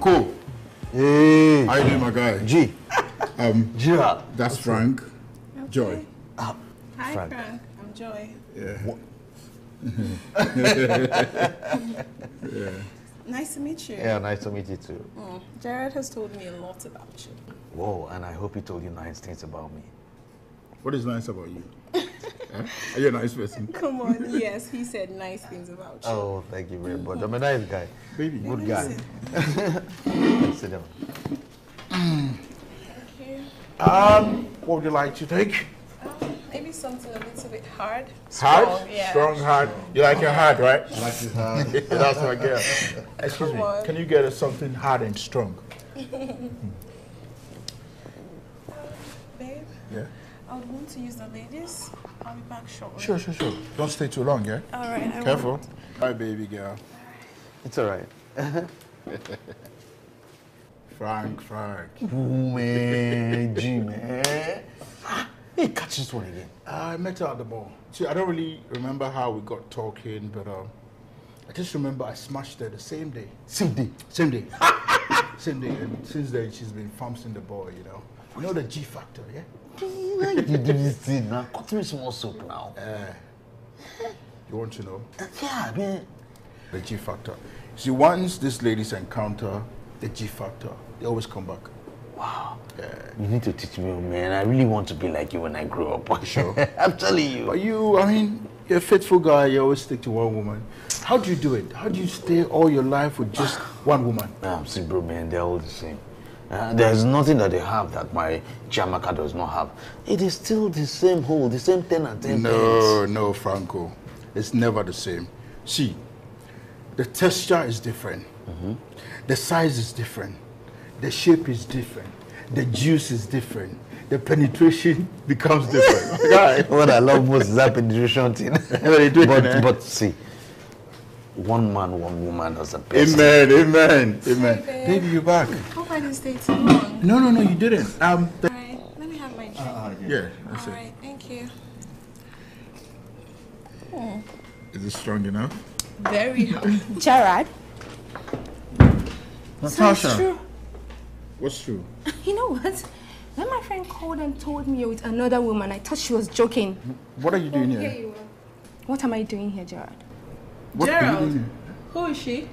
cool. Hey. How you doing, my guy? G. Um, G. That's Frank. Okay. Joy. Hi, Frank. Frank. I'm Joy. Yeah. yeah. Nice to meet you. Yeah, nice to meet you too. Mm. Jared has told me a lot about you. Whoa, and I hope he told you nice things about me. What is nice about you? yeah? Are a nice person? Come on, yes, he said nice things about you. Oh, thank you very much. I'm a nice guy. Baby. Good guy. Sit down. Um, what would you like to take? Um, maybe something a little bit hard. Hard? Strong, yeah. Strong hard. You like your hard, right? I like your hard. That's my girl. Excuse Come me. On. Can you get us something hard and strong? hmm. Um, babe? Yeah? I would want to use the ladies. I'll be back shortly. Sure, sure, sure. Don't stay too long, yeah? All right, I Careful. Won't. baby girl. It's all right. Frank, Frank. man, G, man. He catches one again. I met her at the bar. See, I don't really remember how we got talking, but um, I just remember I smashed her the same day. Same day? Same day. same day. And since then, she's been thumping the boy, you know. You know the G factor, yeah? Why you do this thing now? Cut me more soap, now. Uh, you want to know? Yeah, man. The G factor. See, once these ladies encounter the G factor, they always come back. Wow. Yeah. You need to teach me, oh, man. I really want to be like you when I grow up. Sure. I'm telling you. But you, I mean, you're a faithful guy. You always stick to one woman. How do you do it? How do you stay all your life with just one woman? I'm simple, man. They're all the same. Uh, there's nothing that they have that my Jamaica does not have. It is still the same hole, the same ten and ten. No, pence. no, Franco. It's never the same. See, the texture is different. Mm -hmm. The size is different. The shape is different. The juice is different. The penetration becomes different. what I love most is that penetration thing. but, eh? but see, one man, one woman as a person. Amen, amen, amen. Hey, baby, you're back. Hope I didn't stay too long. No, no, no, you didn't. Um, All right, let me have my drink. Uh, uh yeah, that's All it. right, thank you. Oh. Is it strong enough? Very hard. Gerard. Natasha. So true. What's true? You know what? When my friend called and told me you're with another woman, I thought she was joking. What are you doing oh, here? here you what am I doing here, Gerard? What Gerald, meaning? who is she?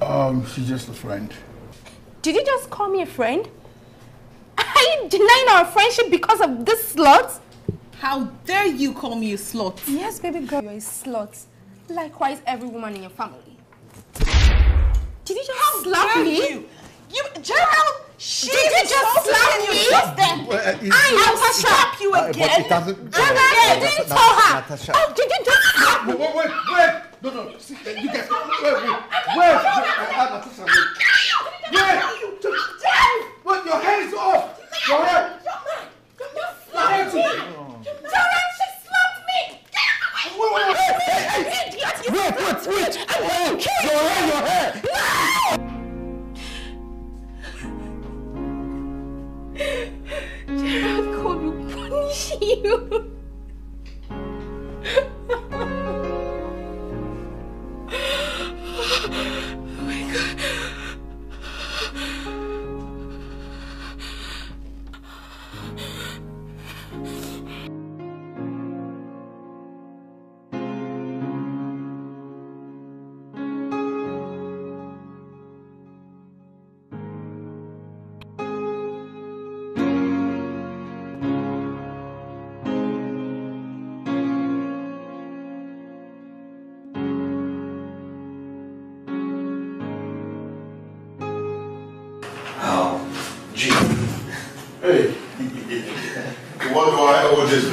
Um, she's just a friend. Did you just call me a friend? Are you denying our friendship because of this slut? How dare you call me a slut? Yes, baby girl, you're a slut. Likewise, every woman in your family. Did you just How slap me? You? you, Gerald, she did you just slap me? Just then. Well, uh, I will slap you uh, again. it doesn't. Gerald, uh, you didn't Natasha, tell her. Natasha. Oh, did you just slap me? Wait, wait, wait. No, no, see, you guys, wait, wait, wait, Anna, sister, Wait, your hands off! Your hands! You're mad! you my way! Wait, wait, wait, wait, wait, wait! I will kill Your hair, Gerald, God will punish you! 伟哥。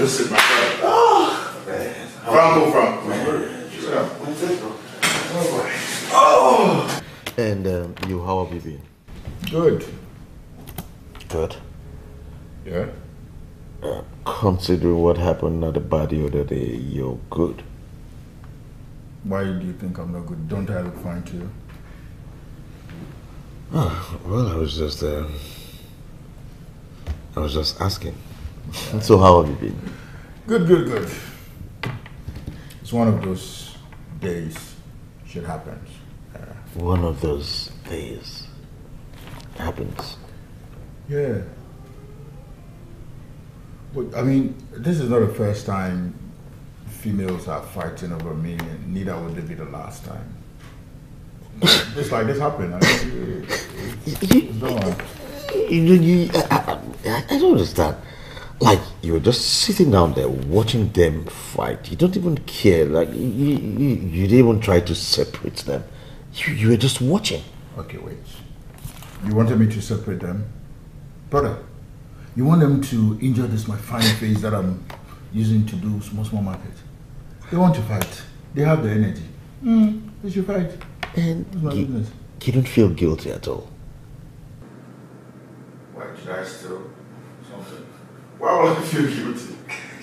This is my brother. Oh, man. Franco, Oh. And um, you, how have you been? Good. Good. Yeah. Uh, considering what happened at the bar the other day, you're good. Why do you think I'm not good? Don't I look fine to you? Oh, ah, well, I was just, uh, I was just asking. so how have you been? Good, good, good. It's one of those days. Shit happens. Uh, one of those days happens. Yeah. But I mean, this is not the first time females are fighting over me, and neither will they be the last time. it's like this happened. I mean, it's, it's, it's you, you, you, I, I, I don't understand like you're just sitting down there watching them fight. You don't even care. Like you, you, you didn't even try to separate them. You, you were just watching. Okay, wait. You wanted me to separate them, brother. You want them to injure this my fine face that I'm using to do small small market. They want to fight. They have the energy. Mm, they should fight. And you, you don't feel guilty at all. Why should I still? Why would I feel guilty?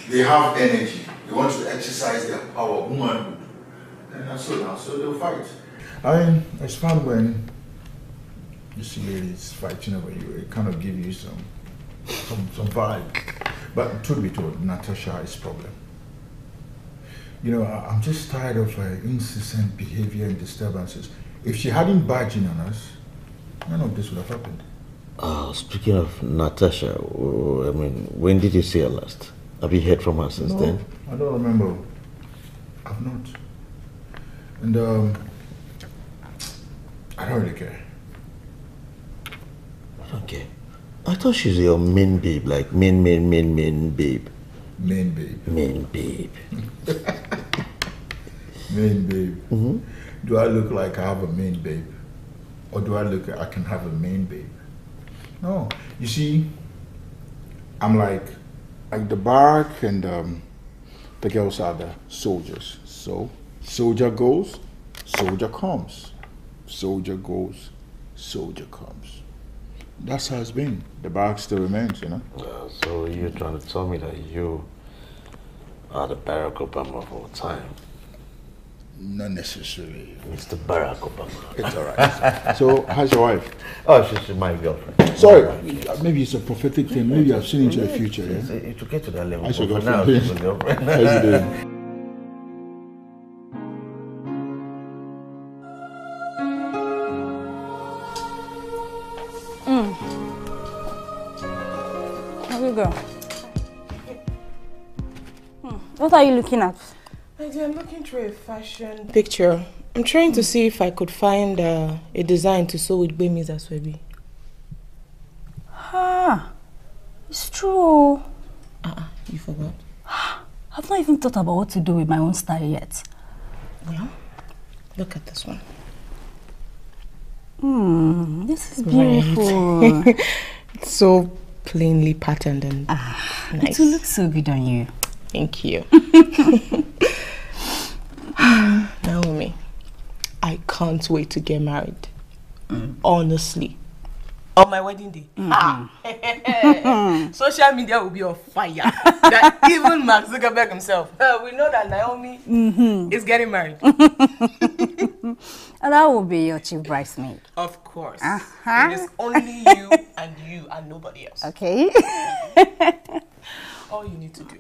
They have energy. They want to exercise their power, womanhood. And so now, so they'll fight. I mean, it's fun when you see ladies fighting over you. It kind of gives you some, some, some vibe. But truth be told, Natasha is problem. You know, I'm just tired of her uh, incessant behavior and disturbances. If she hadn't barged in on us, none of this would have happened. Uh, speaking of Natasha, uh, I mean, when did you see her last? Have you heard from her since no, then? I don't remember. I've not. And um, I don't really care. I don't care. I thought she's your main babe, like main, main, main, main babe. Main babe. Main babe. main babe. Mm -hmm. Do I look like I have a main babe? Or do I look like I can have a main babe? No, you see, I'm like, like the barrack and um, the girls are the soldiers. So soldier goes, soldier comes. Soldier goes, soldier comes. That's how it's been. The barrack still remains, you know. Uh, so you're trying to tell me that you are the Barack Obama of all time. Not necessarily. Mr. Barack Obama. It's all right. so, how's your wife? Oh, she's my girlfriend. Sorry, my wife, yes. maybe it's a prophetic thing. Maybe I've seen into the future. yeah? to get to that level. I should go now. She's my girlfriend. How you doing? Mm. Hmm. What are you looking at? Lady, I'm looking through a fashion picture. I'm trying to hmm. see if I could find uh, a design to sew with Bemi's Aswebi. Ah, it's true. Uh-uh, you forgot. I've not even thought about what to do with my own style yet. Well, look at this one. Hmm, this is beautiful. Right. it's so plainly patterned and ah, nice. It look so good on you. Thank you. Naomi, I can't wait to get married. Mm. Honestly. On my wedding day. Mm -hmm. Ah. Social media will be on fire. that even Mark Zuckerberg himself. Uh, we know that Naomi mm -hmm. is getting married. And oh, that will be your chief bridesmaid. Of course. Uh -huh. It is only you and you and nobody else. Okay. All you need to do,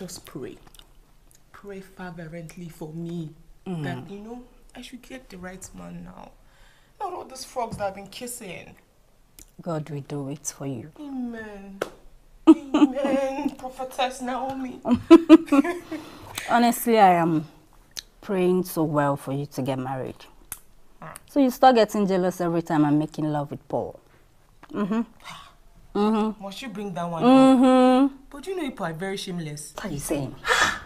just pray pray fervently for me mm. that, you know, I should get the right man now. Not all those frogs that I've been kissing. God will do it for you. Amen. Amen. Prophetess Naomi. Honestly, I am praying so well for you to get married. Ah. So you start getting jealous every time I'm making love with Paul. Mm-hmm. Ah. Mm-hmm. Must you bring that one? Mm-hmm. But you know, people are very shameless. What are you saying? Ah.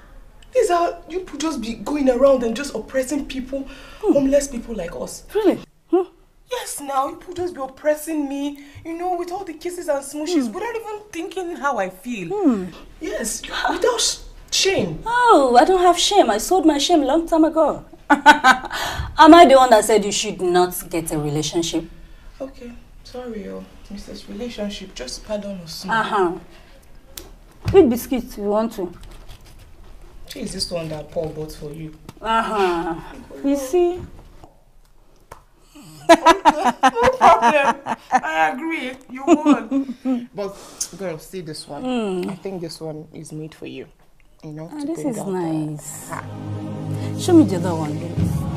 You could just be going around and just oppressing people, hmm. homeless people like us. Really? Huh? Yes, now you could just be oppressing me, you know, with all the kisses and smooshes hmm. without even thinking how I feel. Hmm. Yes, without shame. Oh, I don't have shame. I sold my shame long time ago. Am I the one that said you should not get a relationship? Okay, sorry, oh, Mrs. Relationship, just pardon us. Uh-huh. Eat biscuits if you want to. Is this one that Paul bought for you? Uh-huh. You see? no problem. I agree. You won. but girl, see this one. Mm. I think this one is made for you. You know. Ah, this is uh, nice. Ah. Show me the other one. Please.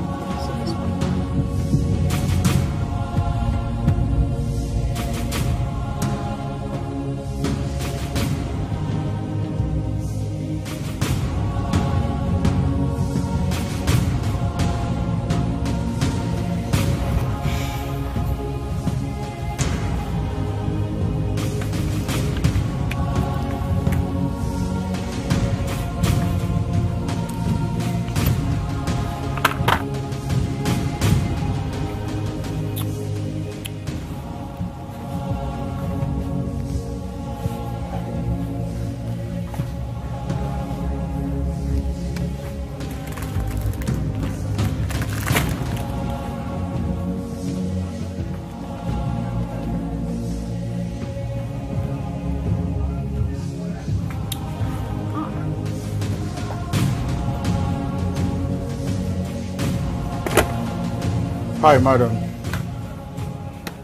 Hi, madam.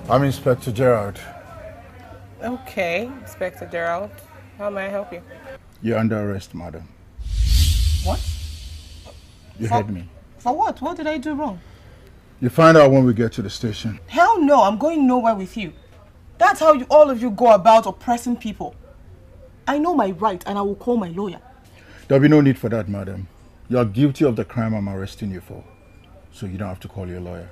I'm Inspector Gerald. Okay, Inspector Gerald. How may I help you? You're under arrest, madam. What? You for, heard me. For what? What did I do wrong? You find out when we get to the station. Hell no, I'm going nowhere with you. That's how you, all of you go about oppressing people. I know my right and I will call my lawyer. There'll be no need for that, madam. You're guilty of the crime I'm arresting you for. So you don't have to call your lawyer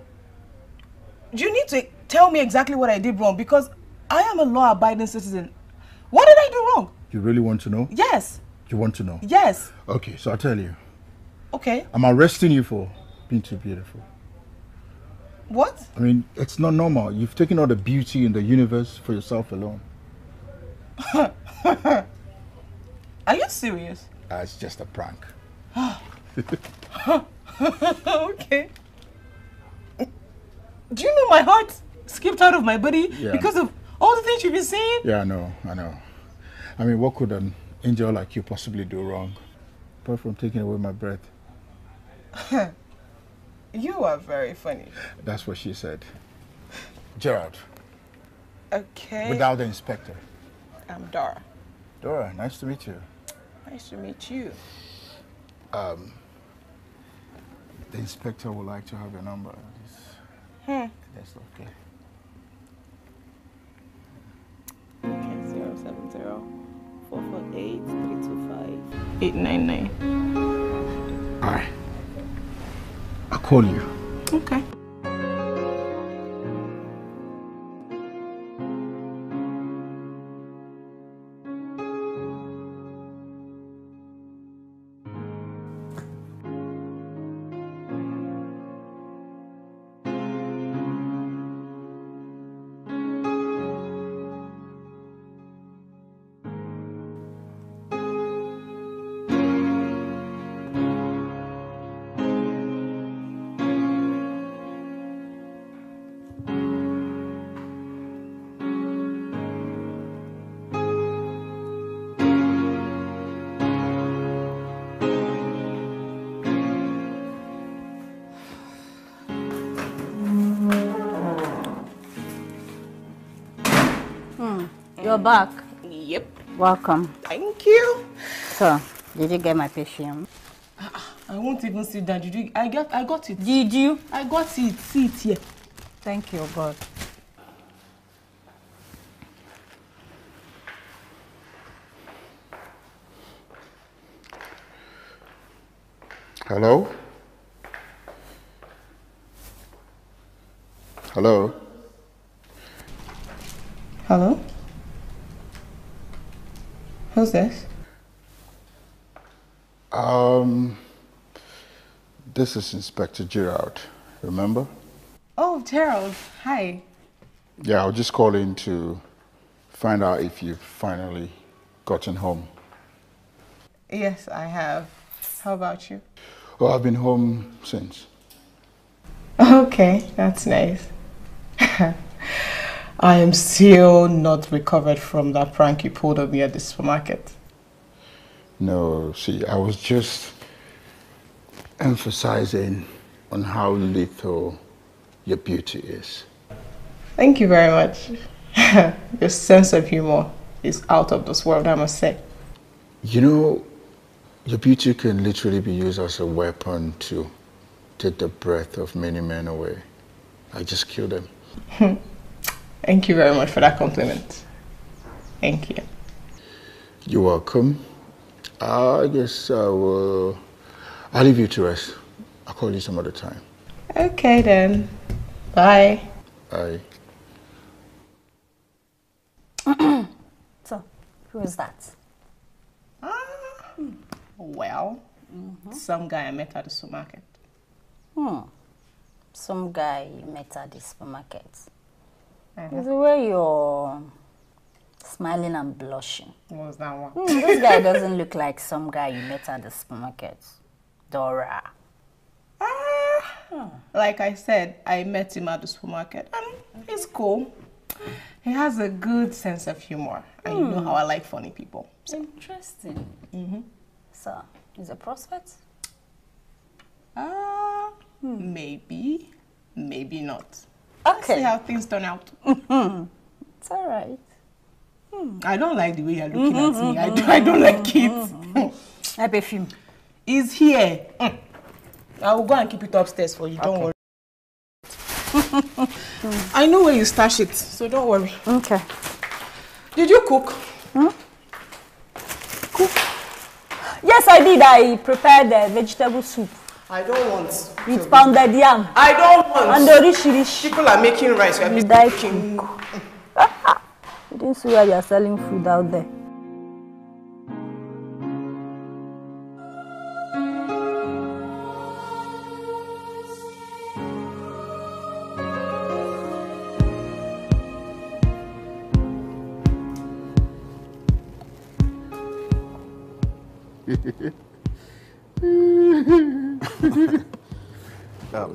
you need to tell me exactly what I did wrong because I am a law-abiding citizen. What did I do wrong? You really want to know? Yes. You want to know? Yes. Okay, so I'll tell you. Okay. I'm arresting you for being too beautiful. What? I mean, it's not normal. You've taken all the beauty in the universe for yourself alone. Are you serious? Uh, it's just a prank. okay do you know my heart skipped out of my body yeah. because of all the things you've been saying? Yeah, I know, I know. I mean, what could an angel like you possibly do wrong? Apart from taking away my breath. you are very funny. That's what she said. Gerald. Okay. Without the inspector. I'm Dora. Dora, nice to meet you. Nice to meet you. Um, the inspector would like to have your number. That's okay. Okay, zero seven zero four four eight three 448 899. Alright. I'll call you. Okay. are back. Yep. Welcome. Thank you. So, did you get my perfume? Ah, I won't even sit down. Did you? I got. I got it. Did you? I got it. See it here. Thank you, God. Hello? Hello? Hello? Who's this? Um, this is Inspector Gerald, remember? Oh, Gerald, hi. Yeah, I was just calling to find out if you've finally gotten home. Yes, I have. How about you? Well, I've been home since. Okay, that's nice. I am still not recovered from that prank you pulled on me at the supermarket. No, see, I was just emphasizing on how little your beauty is. Thank you very much. your sense of humor is out of this world, I must say. You know, your beauty can literally be used as a weapon to take the breath of many men away. I just kill them. Thank you very much for that compliment. Thank you. You're welcome. I guess I will. I'll leave you to rest. I'll call you some other time. Okay then. Bye. Bye. so, who is that? Ah, well, mm -hmm. some guy I met at the supermarket. Hmm. Some guy you met at the supermarket. Mm -hmm. It's the uh-huh. way you're smiling and blushing. What was that one? Mm, this guy doesn't look like some guy you met at the supermarket. Dora. Ah, hmm. Like I said, I met him at the supermarket and he's cool. He has a good sense of humor. And mm. you know hmm. how I like funny people. So. Interesting. Mm -hmm. So, he's a prospect? Ah, hmm. maybe, maybe not. Okay. see how things turn out. It's all right. Hmm. I don't like the way you're looking mm -hmm. at me. I, do, mm-hmm, I don't like it. I mm-hmm, mm-hmm. perfume. Is here. Mm. I will go and keep it upstairs for you. Okay. Don't worry. I know where you stash it, so don't worry. Okay. Did you cook? Hmm? Cook? Yes, I did. I prepared the vegetable soup. I don't want. It pounded yam. I don't want. And orishirishi. People are making rice. We are making. you didn't see where you are selling food out there.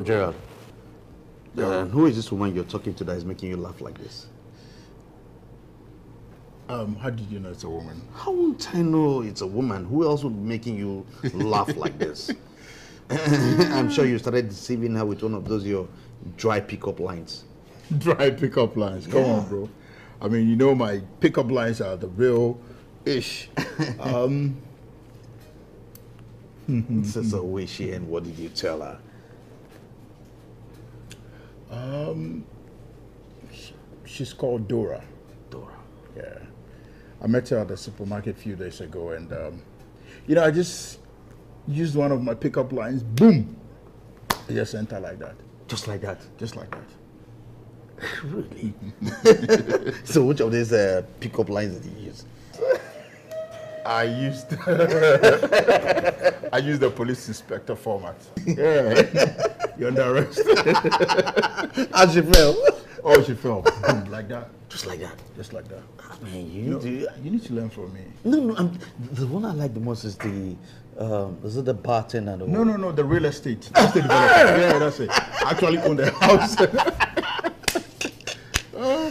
Gerald, Yeah. Uh, who is this woman you're talking to that is making you laugh like this? Um, how did you know it's a woman? How won't I know it's a woman? Who else would be making you laugh like this? I'm sure you started deceiving her with one of those your dry pickup lines. Dry pickup lines. Come yeah. on, bro. I mean, you know my pickup lines are the real ish. um. this is a wishy, and what did you tell her? Um, she's called Dora. Dora. Yeah. I met her at the supermarket a few days ago, and um, you know, I just used one of my pickup lines. Boom! I just enter like that. Just like that. Just like that. really? so, which of these uh, pickup lines did you use? I used I used the police inspector format. Yeah. You're under arrest. As she fell? Oh, she fell. Boom, like that. Just like that. Just like that. Ah, man, you, you, need to, you need to learn from me. No, no, I'm, the one I like the most is the um, is it the bartender? No, no, no, the real estate. That's the developer. yeah, that's it. I actually own the house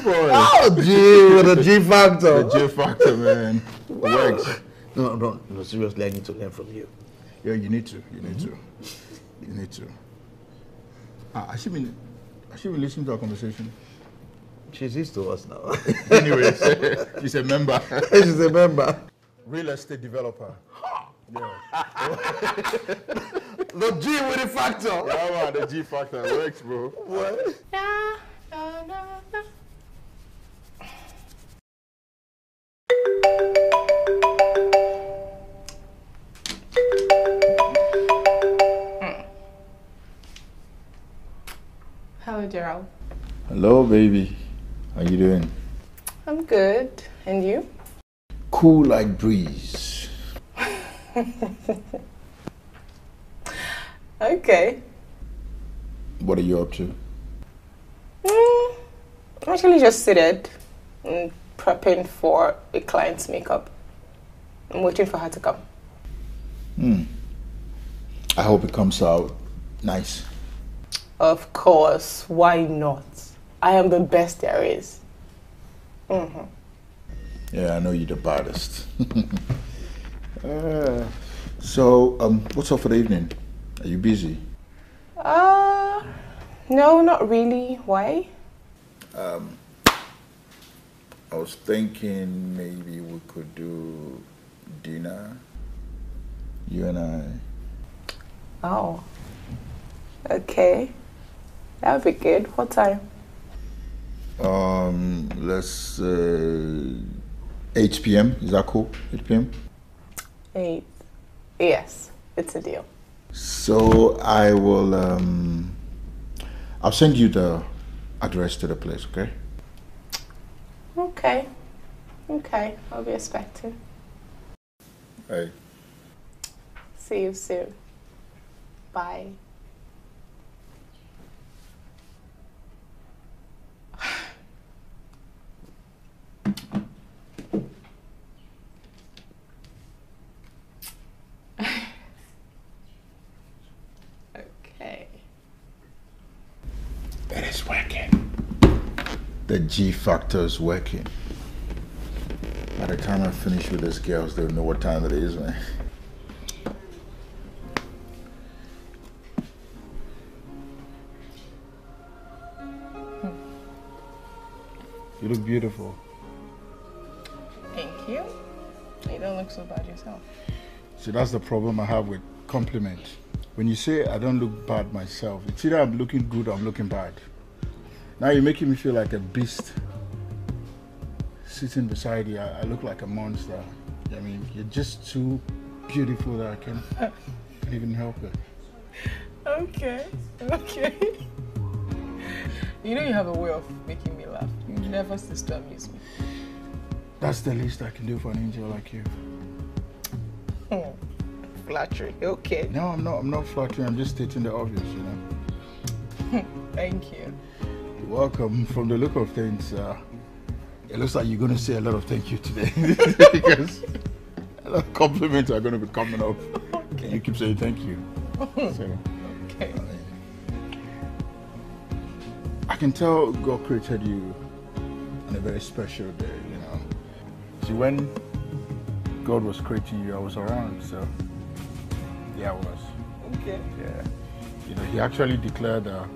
boy. Oh, gee, the G factor. The G factor, man. Works. No, no, no. Seriously, I need to learn from you. Yeah, you need to. You need mm -hmm. to. You need to. Ah, I should be. I should be listening to our conversation. She's used to us now. Anyways, she's a member. she's a member. Real estate developer. the G with the factor. Yeah, man, the G factor works, bro. What? Hello, Gerald. Hello, baby. How you doing? I'm good. And you? Cool like breeze. okay. What are you up to? Mm, actually just seated and prepping for a client's makeup. I'm waiting for her to come. Hmm. I hope it comes out nice. Of course, why not? I am the best there is. Mm -hmm. Yeah, I know you're the baddest. uh, so, um, what's up for the evening? Are you busy? Uh, no, not really. Why? Um, I was thinking maybe we could do dinner. You and I. Oh. Okay. That would be good. What time? Um, let's uh, 8 p.m. Is that cool? 8 p.m. 8. Yes, it's a deal. So I will. Um, I'll send you the address to the place. Okay. Okay. Okay. I'll be expecting. Hey. See you soon. Bye. the G factor is working. By the time I finish with this girls, they'll know what time it is, man. You look beautiful. Thank you. You don't look so bad yourself. See, that's the problem I have with compliments. When you say I don't look bad myself, it's either I'm looking good or I'm looking bad. Now you're making me feel like a beast. Sitting beside you, I, I look like a monster. I mean, you're just too beautiful that I can not even help it. Okay, okay. You know you have a way of making me laugh. You never cease to amuse me. That's the least I can do for an angel like you. Oh, hmm. flattery. Okay. No, I'm not. I'm not flattering. I'm just stating the obvious. You know. Thank you welcome. From the look of things, uh, it looks like you're going to say a lot of thank you today because a lot of compliments are going to be coming up. Okay. You keep saying thank you. So, okay. I can tell God created you on a very special day, you know. See, when God was creating you, I was around, so yeah, I was. Okay. Yeah. You know, He actually declared a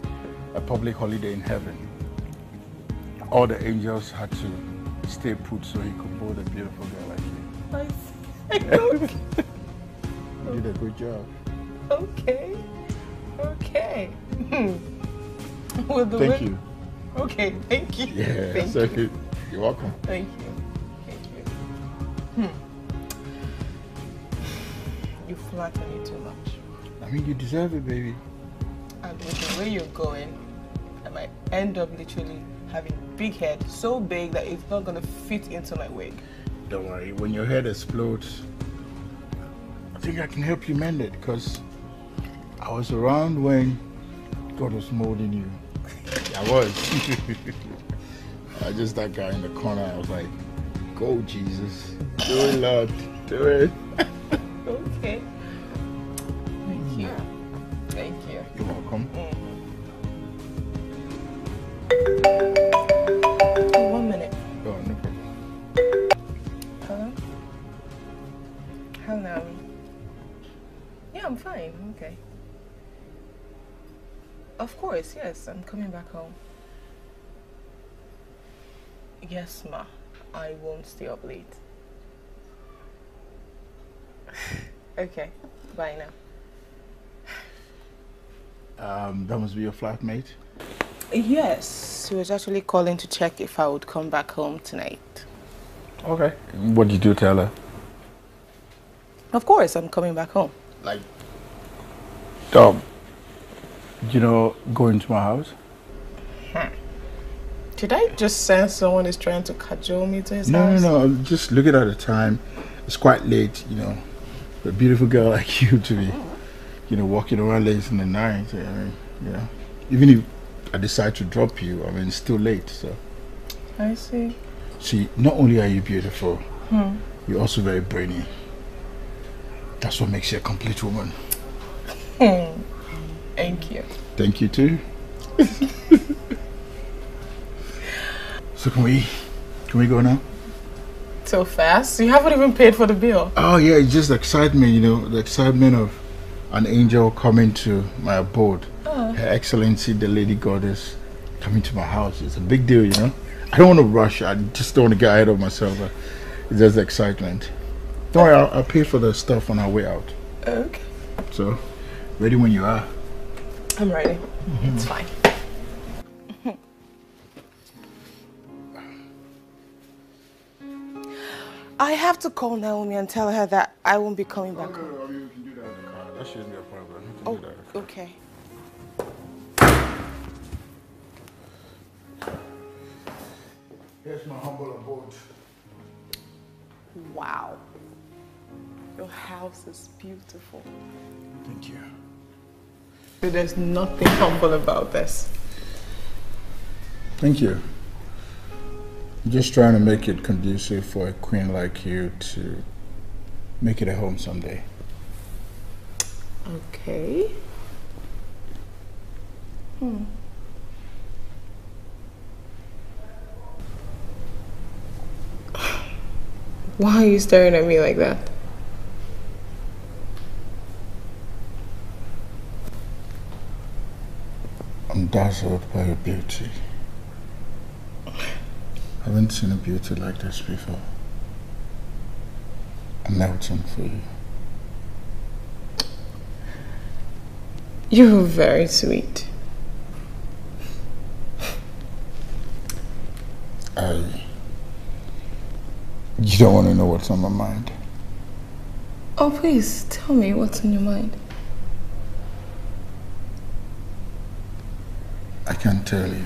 public holiday in heaven all the angels had to stay put so he could pull a beautiful girl like you. I, I you did a good job. Okay. Okay. Well, thank win- you. Okay, thank you. Yeah, thank so you. You're welcome. Thank you. Thank you. Hmm. You flatter me too much. I mean, you deserve it, baby. And with the way you're going, I might end up literally having big head, so big that it's not gonna fit into my wig. Don't worry, when your head explodes, I think I can help you mend it because I was around when God was molding you. I was. I just that guy in the corner. I was like, "Go, Jesus, do it, Lord, do it." okay. yes, I'm coming back home. Yes, ma. I won't stay up late. okay. Bye now. Um, that must be your flatmate? Yes. she was actually calling to check if I would come back home tonight. Okay. What did you tell her? Of course, I'm coming back home. Like, dumb you know, going to my house. Hmm. Did I just sense someone is trying to cajole me to his no, house? No, no, no. Just looking at the time. It's quite late, you know. A beautiful girl like you to be, you know, walking around late in the night. I mean, you know, even if I decide to drop you, I mean, it's still late. So. I see. See, not only are you beautiful, hmm. you're also very brainy. That's what makes you a complete woman. Hmm. Thank you. Thank you too. so can we can we go now? So fast? You haven't even paid for the bill. Oh yeah, it's just excitement, you know, the excitement of an angel coming to my abode. Oh. Her Excellency, the Lady Goddess, coming to my house. It's a big deal, you know. I don't want to rush. I just don't want to get ahead of myself. Uh, it's just excitement. Don't worry, I'll, I'll pay for the stuff on our way out. Okay. So, ready when you are. I'm ready. Mm -hmm. It's fine. I have to call Naomi and tell her that I won't be coming back. Oh, I mean, we can do that in the car. That shouldn't be a problem. oh, okay. Here's my humble abode. Wow. Your house is beautiful. Thank you. There's nothing humble about this. Thank you. I'm just trying to make it conducive for a queen like you to make it a home someday. Okay. Hmm. Why are you staring at me like that? Dazzled by your beauty. I haven't seen a beauty like this before. I'm melting for you. You're very sweet. I. You don't want to know what's on my mind. Oh, please tell me what's on your mind. I can't tell you.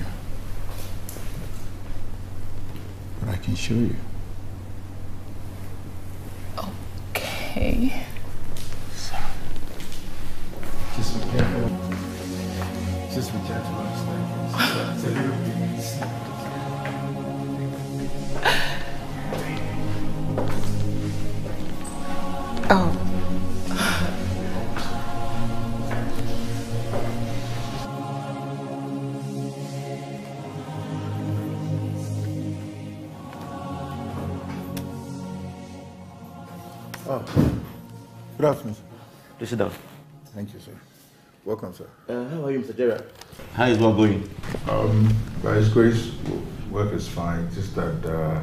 But I can show you. Okay. So, just be careful. Just be careful. It's a little bit. Oh. Please sit down. Thank you, sir. Welcome, sir. Uh, how are you, Mr. Gerard? How is work going? Um, by His grace, work is fine. Just that uh,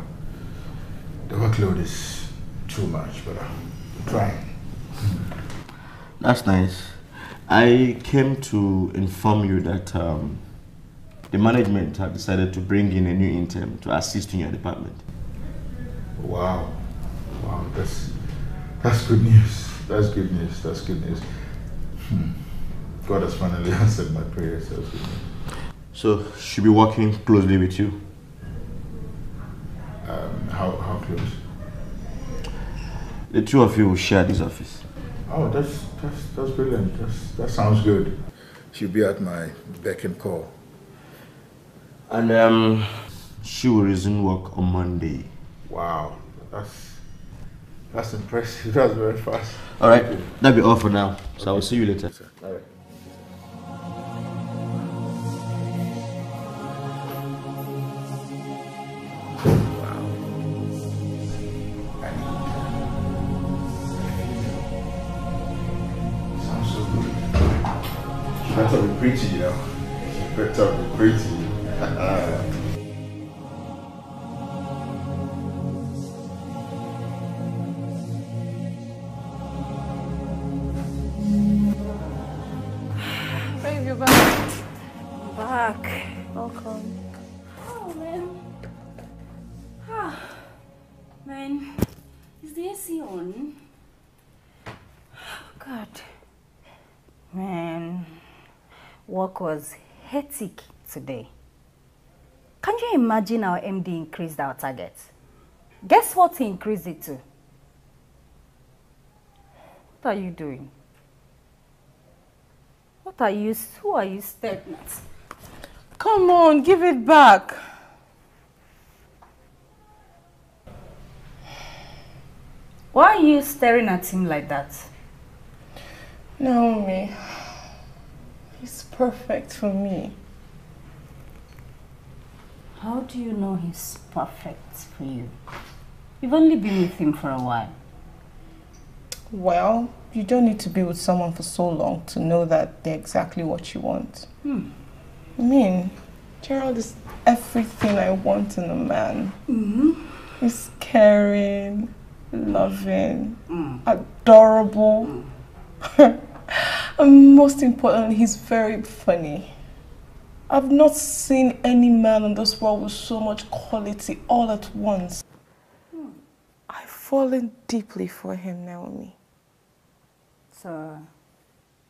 the workload is too much, but I'm trying. That's nice. I came to inform you that um, the management have decided to bring in a new intern to assist in your department. Wow. Wow, that's, that's good news. That's good news. That's good news. Hmm. God has finally answered my prayers. So she'll be working closely with you. Um, how, how close? The two of you will share this office. Oh, that's that's that's brilliant. That's, that sounds good. She'll be at my beck and call. And um, she will resume work on Monday. Wow, that's that's impressive. That's very fast. All right. That'll be all for now. So okay. I will see you later. All right. was hectic today. Can you imagine our MD increased our target? Guess what he increased it to? What are you doing? What are you, who are you staring at? Come on, give it back. Why are you staring at him like that? Naomi, perfect for me. How do you know he's perfect for you? You've only been with him for a while. Well, you don't need to be with someone for so long to know that they're exactly what you want. Hmm. I mean, Gerald is everything I want in a man. Mm -hmm. He's caring, loving, mm. adorable. Mm. And most importantly, he's very funny. I've not seen any man in this world with so much quality all at once. I've fallen deeply for him, Naomi. So,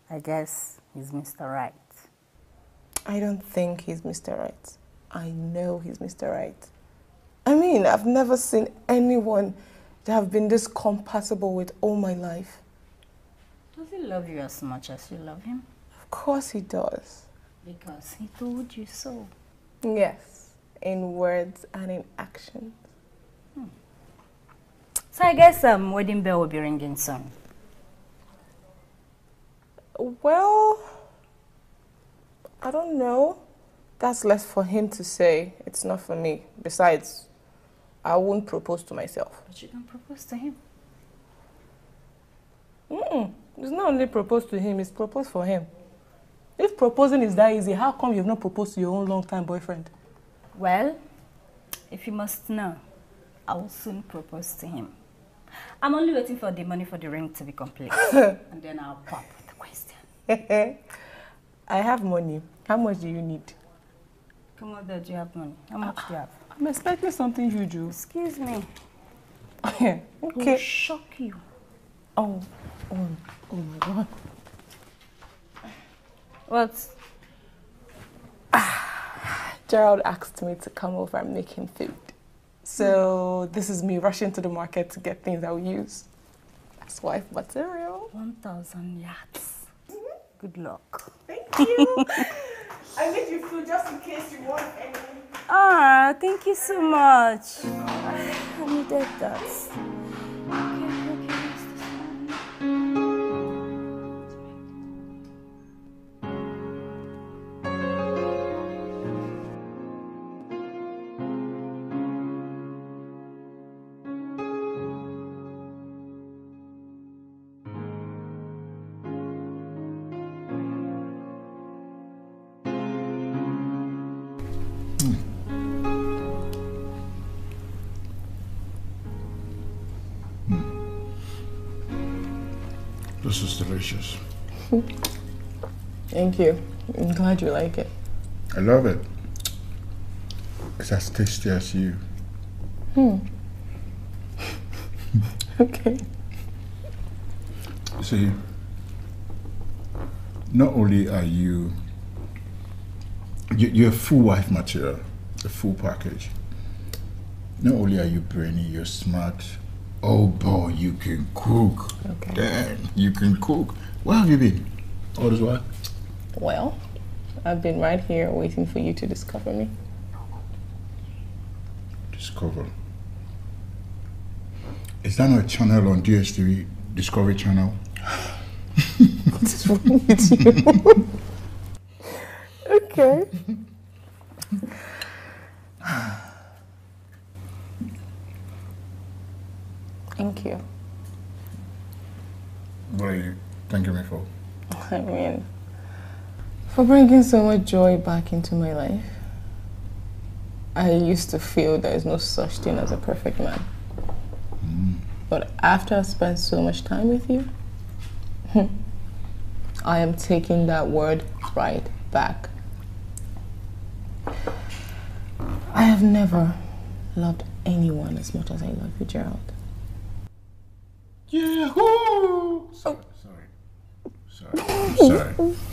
I guess he's Mr. Right. I don't think he's Mr. Right. I know he's Mr. Right. I mean, I've never seen anyone that have been this compatible with all my life. Does he love you as much as you love him? Of course he does. Because he told you so. Yes, in words and in actions. Hmm. So I guess um, wedding bell will be ringing soon. Well, I don't know. That's less for him to say. It's not for me. Besides, I won't propose to myself. But you can propose to him. Mm. -mm. It's not only proposed to him, it's proposed for him. If proposing is that easy, how come you've not proposed to your own long-time boyfriend? Well, if you must know, I will soon propose to him. I'm only waiting for the money for the ring to be complete. and then I'll pop the question. I have money. How much do you need? Come on, Dad, you have money. How much uh, do you have? I'm expecting something huge. Oh. Excuse me. okay. It will shock you. Oh. Oh, oh my god. What? Gerald asked me to come over and make him food. So this is me rushing to the market to get things I'll use as wife material. 1,000 yachts. Mm-hmm. Good luck. Thank you. I made you food just in case you want any. Ah, thank you so much. I needed that. Okay. This is delicious. Thank you. I'm glad you like it. I love it. It's as tasty as you. Hmm. okay. See, not only are you, you are full wife material, a full package. Not only are you brainy, you're smart, Oh boy, you can cook. Okay. you can cook. Where have you been? All this while? Well, I've been right here waiting for you to discover me. Discover? Is that not a channel on DSTV? Discovery Channel? what is wrong with you? okay. for bringing so much joy back into my life. I used to feel there is no such thing as a perfect man. Mm. But after I spent so much time with you, hmm, I am taking that word right back. I have never loved anyone as much as I love you, Gerald. Oh. Sorry, sorry. Sorry. sorry.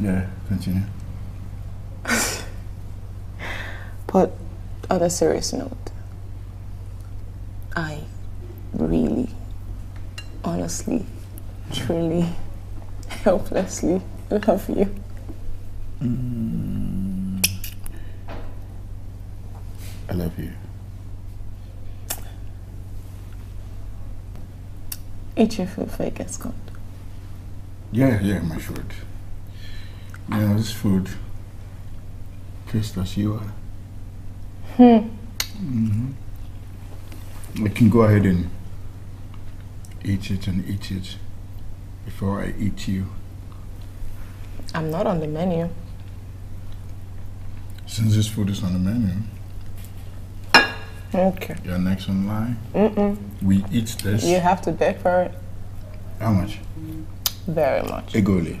Yeah. Virginia? but on a serious note, I really, honestly, truly, helplessly love you. Mm. I love you. Each of I fake escort. Yeah, yeah, my shirt. Yeah, this food tastes as you are. Hmm. Mm -hmm. I can go ahead and eat it and eat it before I eat you. I'm not on the menu. Since this food is on the menu. Okay. You're next in line. Mm-mm. We eat this. You have to pay for it. How much? Very much. Egoli.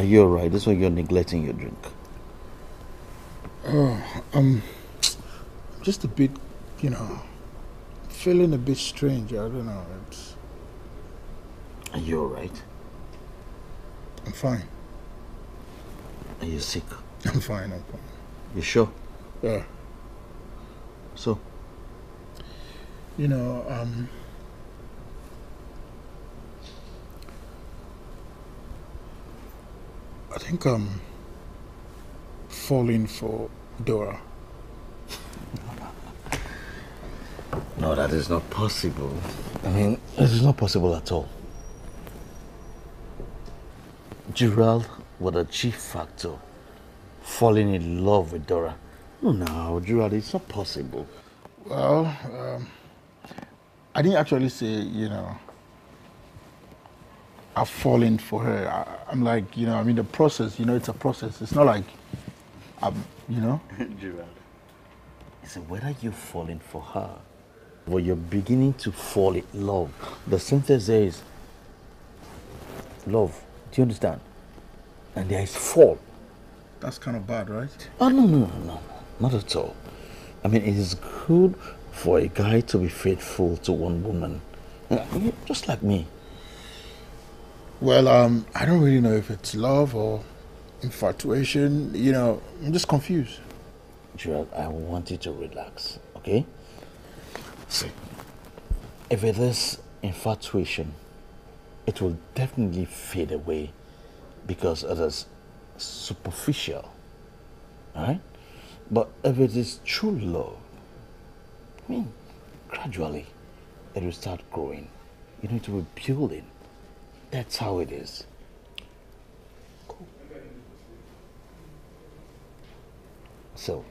are you alright? This one you're neglecting your drink. Oh, um, just a bit, you know, feeling a bit strange. I don't know. It's... Are you alright? I'm fine. Are you sick? I'm fine, I'm fine. You sure? Yeah. So? You know, um, think I'm falling for Dora. No, that is not possible. I mean, this is not possible at all. Gerald was a chief factor falling in love with Dora. No, Gerald, it's not possible. Well, um, I didn't actually say, you know, I've fallen for her. I, am like, you know, I mean, the process, you know, it's a process. It's not like, I'm, you know. Gerald, it's whether you're falling for her or you're beginning to fall in love. The sentence is love. Do you understand? And there is fall. That's kind of bad, right? Oh, no, no, no, no. Not at all. I mean, it is good for a guy to be faithful to one woman. Just like me. Well, um, I don't really know if it's love or infatuation. You know, I'm just confused. Gerald, I want you to relax, okay? See, if it is infatuation, it will definitely fade away because it is superficial, alright? But if it is true love, I mean, gradually it will start growing. You need to be building that's how it is. So,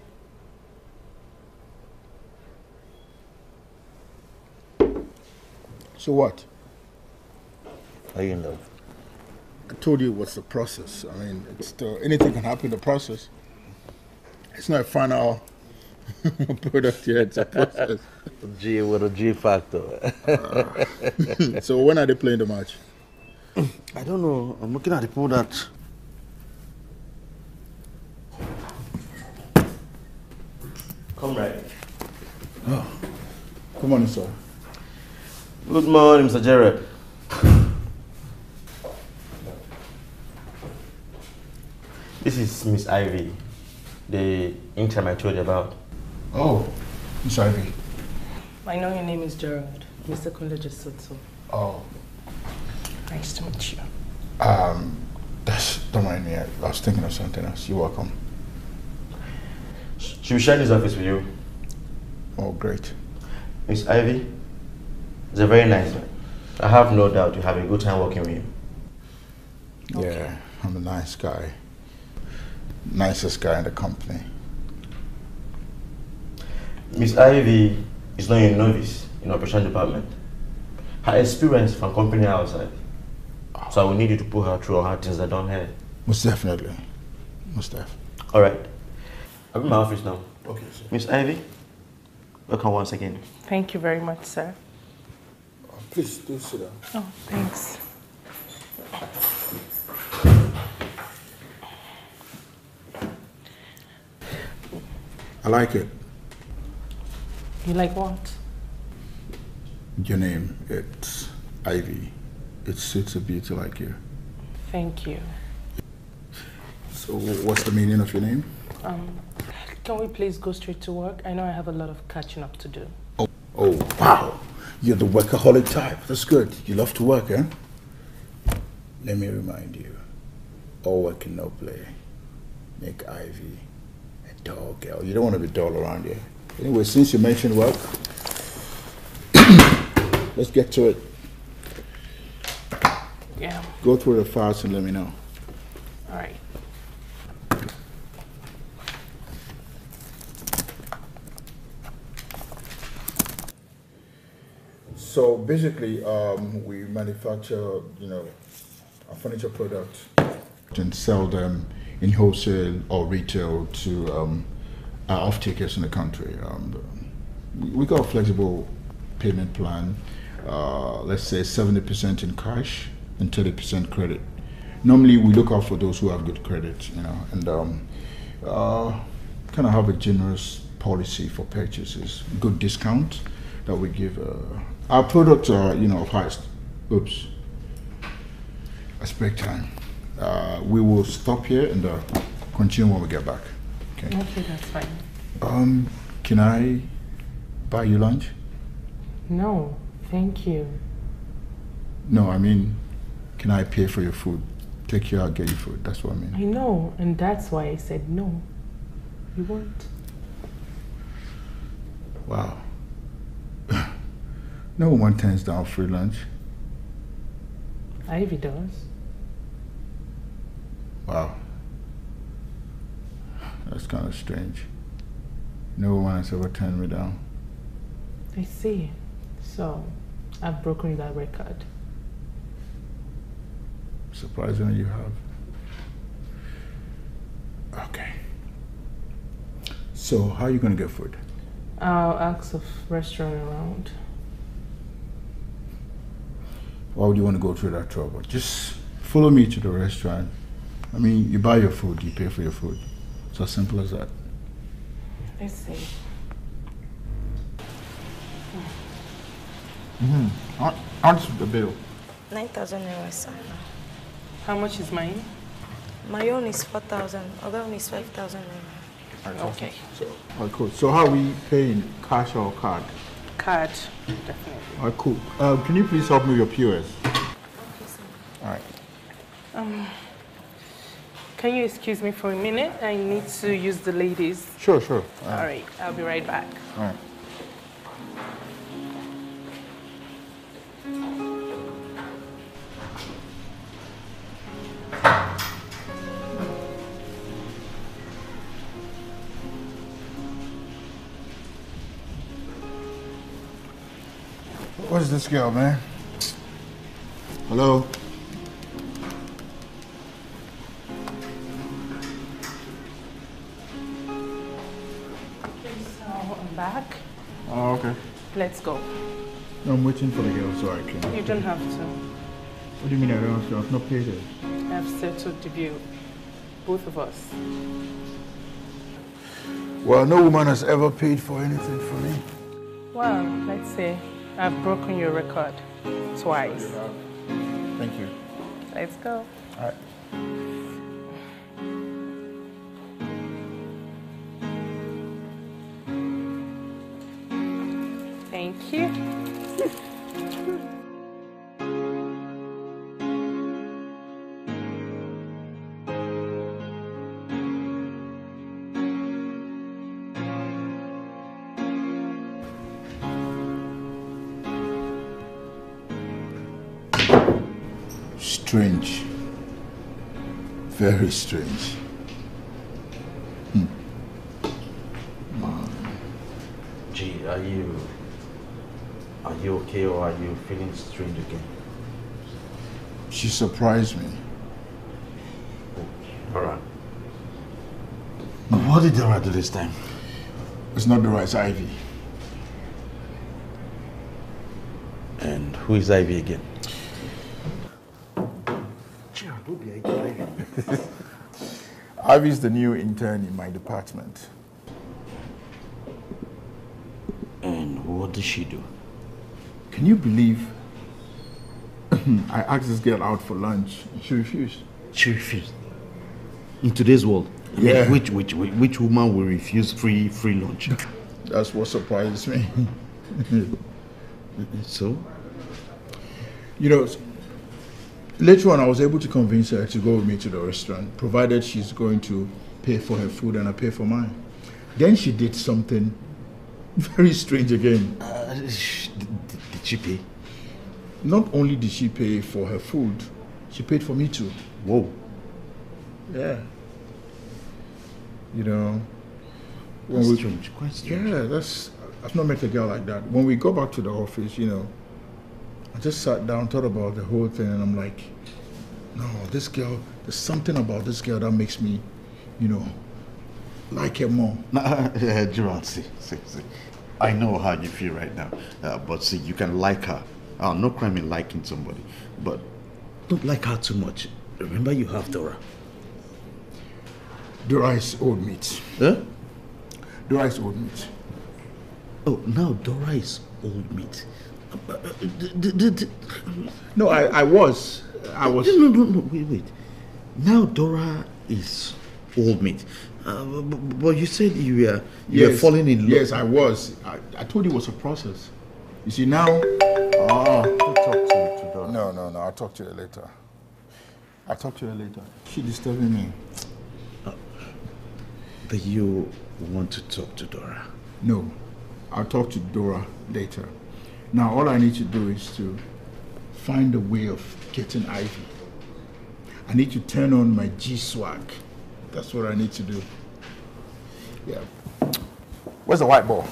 so what? Are you in love? I told you what's the process. I mean, it's still, anything can happen in the process. It's not final product yet, it's a process. G with a G factor. uh, so when are they playing the match? I don't know. I'm looking at the pool that. Come right. Oh. Good morning, sir. Good morning, Mr. Jared. This is Miss Ivy, the intern I told you about. Oh, Miss Ivy. I know your name is Gerald, Mr. Kunle Soto. Oh, Nice to meet you. Um, that's, don't mind me. I, was thinking of something else. You're welcome. Should we share this office with you? Oh, great. Miss Ivy, he's a very nice man. I have no doubt you have a good time working with him. Yeah, I'm a nice guy. Nicest guy in the company. Miss Ivy is not a novice in operation department. Her experience from company outside so I will need you to put her through her things that done here. Most definitely. Most definitely. All right. I'm in my office now. Okay, sir. Miss Ivy, welcome once again. Thank you very much, sir. Uh, please do sit down. Oh, thanks. I like it. You like what? Your name, it's Ivy it suits a beauty like you. Thank you. So what's the meaning of your name? Um, can we please go straight to work? I know I have a lot of catching up to do. Oh, oh wow. You're the workaholic type. That's good. You love to work, eh? Let me remind you, all work and no play. Make Ivy a dull girl. You don't want to be dull around here. Anyway, since you mentioned work, let's get to it. Yeah, Go through the files and let me know. all right. So basically, um, we manufacture, you know, furniture products and sell them in wholesale or retail to um, our off-takers in the country. Um, we, we got a flexible payment plan, uh, let's say 70% in cash, and 30% credit. Normally, we look out for those who have good credit, you know, and um, uh, kind of have a generous policy for purchases, good discount that we give. Uh, our products are, you know, of highest, oops, I spare time. Uh, we will stop here and uh, continue when we get back. Okay. Okay, that's fine. Um, can I buy you lunch? No, thank you. No, I mean, can I pay for your food? Take you out, get you food. That's what I mean. I know, and that's why I said no. You won't. Wow. no one turns down free lunch. Ivy does. Wow. That's kind of strange. No one has ever turned me down. I see. So, I've broken that record. Surprisingly, you have. Okay. So, how are you going to get food? I'll ask a restaurant around. Why would you want to go through that trouble? Just follow me to the restaurant. I mean, you buy your food, you pay for your food. It's as simple as that. Let's see. Mm-hmm. answer the bill? 9,000 euros, how much is mine? My own is 4,000. Other one is 5,000. Okay. So, cool. So how are we paying? Cash or card? Card, definitely. All right, cool. Um, can you please help me with your POS? Okay, sir. All right. Um, can you excuse me for a minute? I need to use the ladies. Sure, sure. All right, All right I'll be right back. All right. this go, man? Hello? I'm back. Oh, okay. Let's go. No, I'm waiting for the girl, so I can. You don't have to. What do you mean I don't have to? I've not paid it. I've settled the bill. Both of us. Well, no woman has ever paid for anything for me. Well, let's see. I've broken your record twice. Thank you. Let's go. All right. Very strange. Hmm. Um, Gee, are you are you okay or are you feeling strange again? She surprised me. Alright. What did Dora do this time? It's not the right Ivy. And who is Ivy again? Harvey's the new intern in my department. And what did she do? Can you believe I asked this girl out for lunch she refused? She refused. In today's world, yeah. which, which, which, which woman will refuse free, free lunch? That's what surprises me. so? You know, Later on, I was able to convince her to go with me to the restaurant, provided she's going to pay for her food and I pay for mine. Then she did something very strange again. Uh, did she pay? Not only did she pay for her food, she paid for me too. Whoa. Yeah. You know. That's we, strange. Quite strange. Yeah, that's. I've not met a girl like that. When we go back to the office, you know, I just sat down, thought about the whole thing, and I'm like, no, this girl, there's something about this girl that makes me, you know, like her more. Now, uh, Gerard, see, see, see. I know how you feel right now, uh, but see, you can like her. Uh, no crime in liking somebody, but don't like her too much. Remember, you have Dora. Dora is old meat. Huh? Dora is old meat. Oh, now Dora is old meat. No, I, I was. I was. No, no, no, wait, wait. Now Dora is old mate. Uh, but you said you were you yes. were falling in love. Yes, I was. I, I told you it was a process. You see now. Oh, ah. i talk to to Dora. No, no, no. I'll talk to you later. I'll talk to you later. She disturbing me. Uh, that you want to talk to Dora? No, I'll talk to Dora later. Now all I need to do is to find a way of getting Ivy. I need to turn on my G-Swag. That's what I need to do. Yeah. Where's the white ball?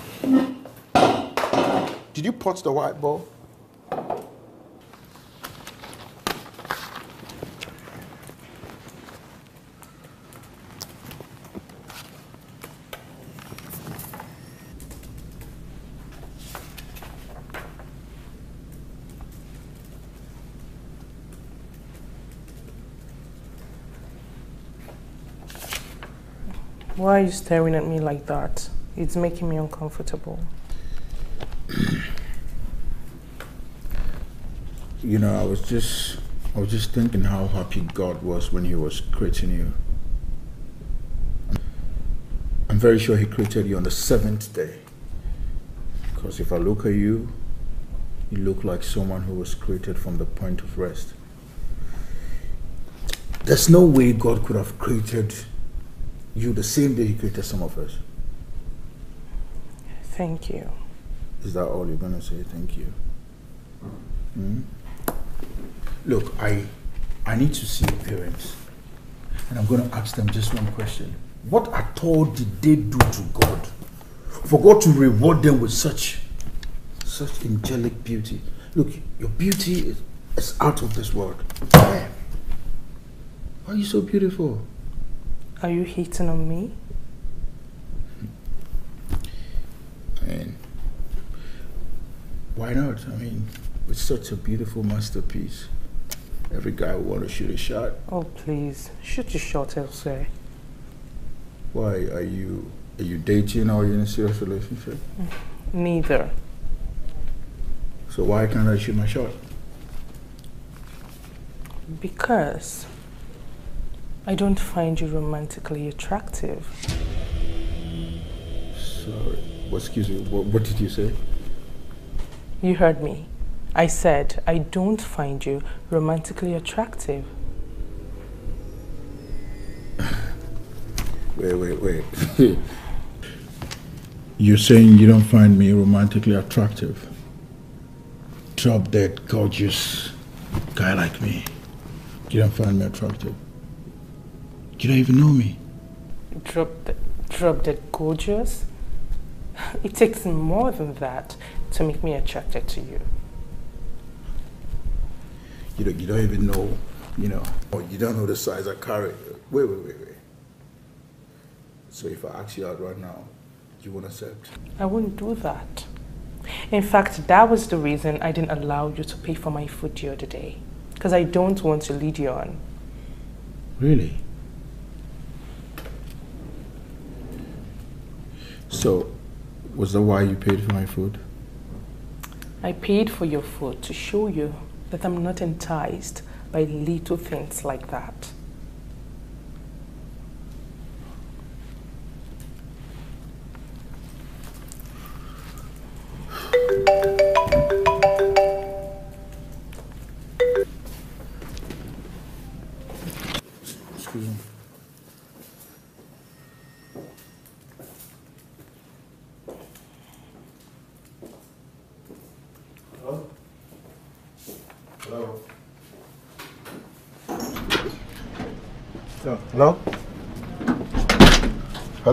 Did you put the white ball? you staring at me like that? It's making me uncomfortable. you know, I was just I was just thinking how happy God was when he was creating you. I'm very sure he created you on the seventh day. Because if I look at you, you look like someone who was created from the point of rest. There's no way God could have created you the same day he created some of us. Thank you. Is that all you're gonna say? Thank you. Mm? Look, I I need to see parents, and I'm gonna ask them just one question. What at all did they do to God? For God to reward them with such such angelic beauty. Look, your beauty is, is out of this world. Why are you so beautiful? Are you hating on me? I mean, why not? I mean, it's such a beautiful masterpiece. Every guy would want to shoot a shot. Oh, please. Shoot your shot elsewhere. Why? Are you are you dating or are you in a serious relationship? Mm, neither. So why can't I shoot my shot? Because I don't find you romantically attractive. Sorry. Well, excuse me. What, what did you say? You heard me. I said, I don't find you romantically attractive. wait, wait, wait. You're saying you don't find me romantically attractive? Drop that gorgeous guy like me. You don't find me attractive. You don't even know me. Drop, drop dead gorgeous? It takes more than that to make me attracted to you. You don't, you don't even know, you know, or oh, you don't know the size I carry. Wait, wait, wait, wait. So if I ask you out right now, you won't accept? I wouldn't do that. In fact, that was the reason I didn't allow you to pay for my food the other day. Because I don't want to lead you on. Really? So, was that why you paid for my food? I paid for your food to show you that I'm not enticed by little things like that.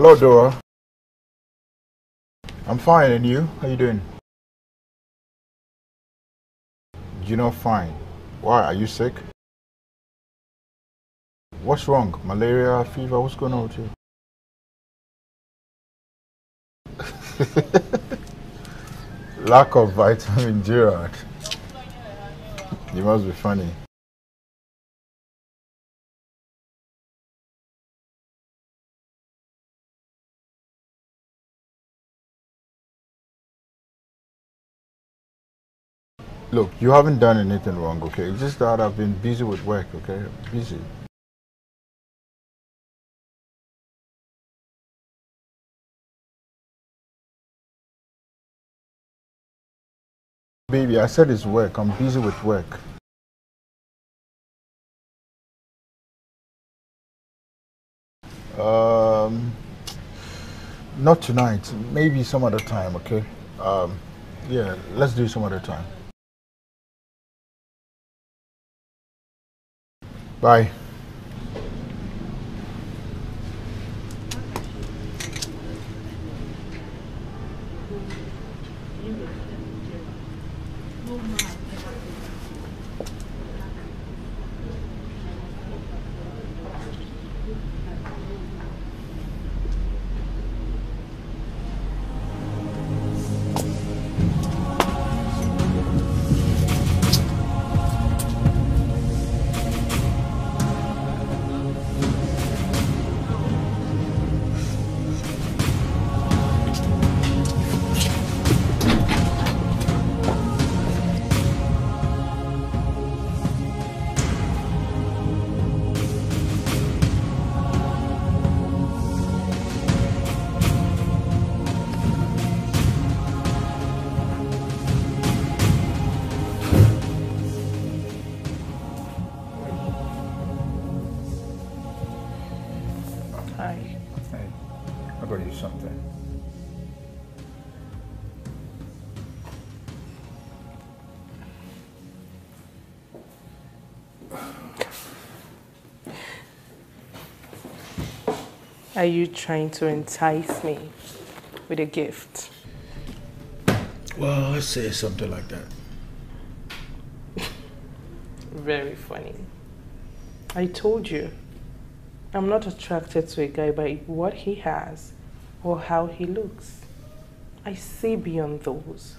Hello, Dora. I'm fine, and you? How you doing? You're not fine. Why? Are you sick? What's wrong? Malaria, fever, what's going on with you? Lack of vitamin Gerard. You must be funny. Look, you haven't done anything wrong, okay? It's just that I've been busy with work, okay? Busy. Baby, I said it's work. I'm busy with work. Um, not tonight. Maybe some other time, okay? Um, yeah, let's do some other time. Bye. are you trying to entice me with a gift? Well, I say something like that. Very funny. I told you, I'm not attracted to a guy by what he has or how he looks. I see beyond those.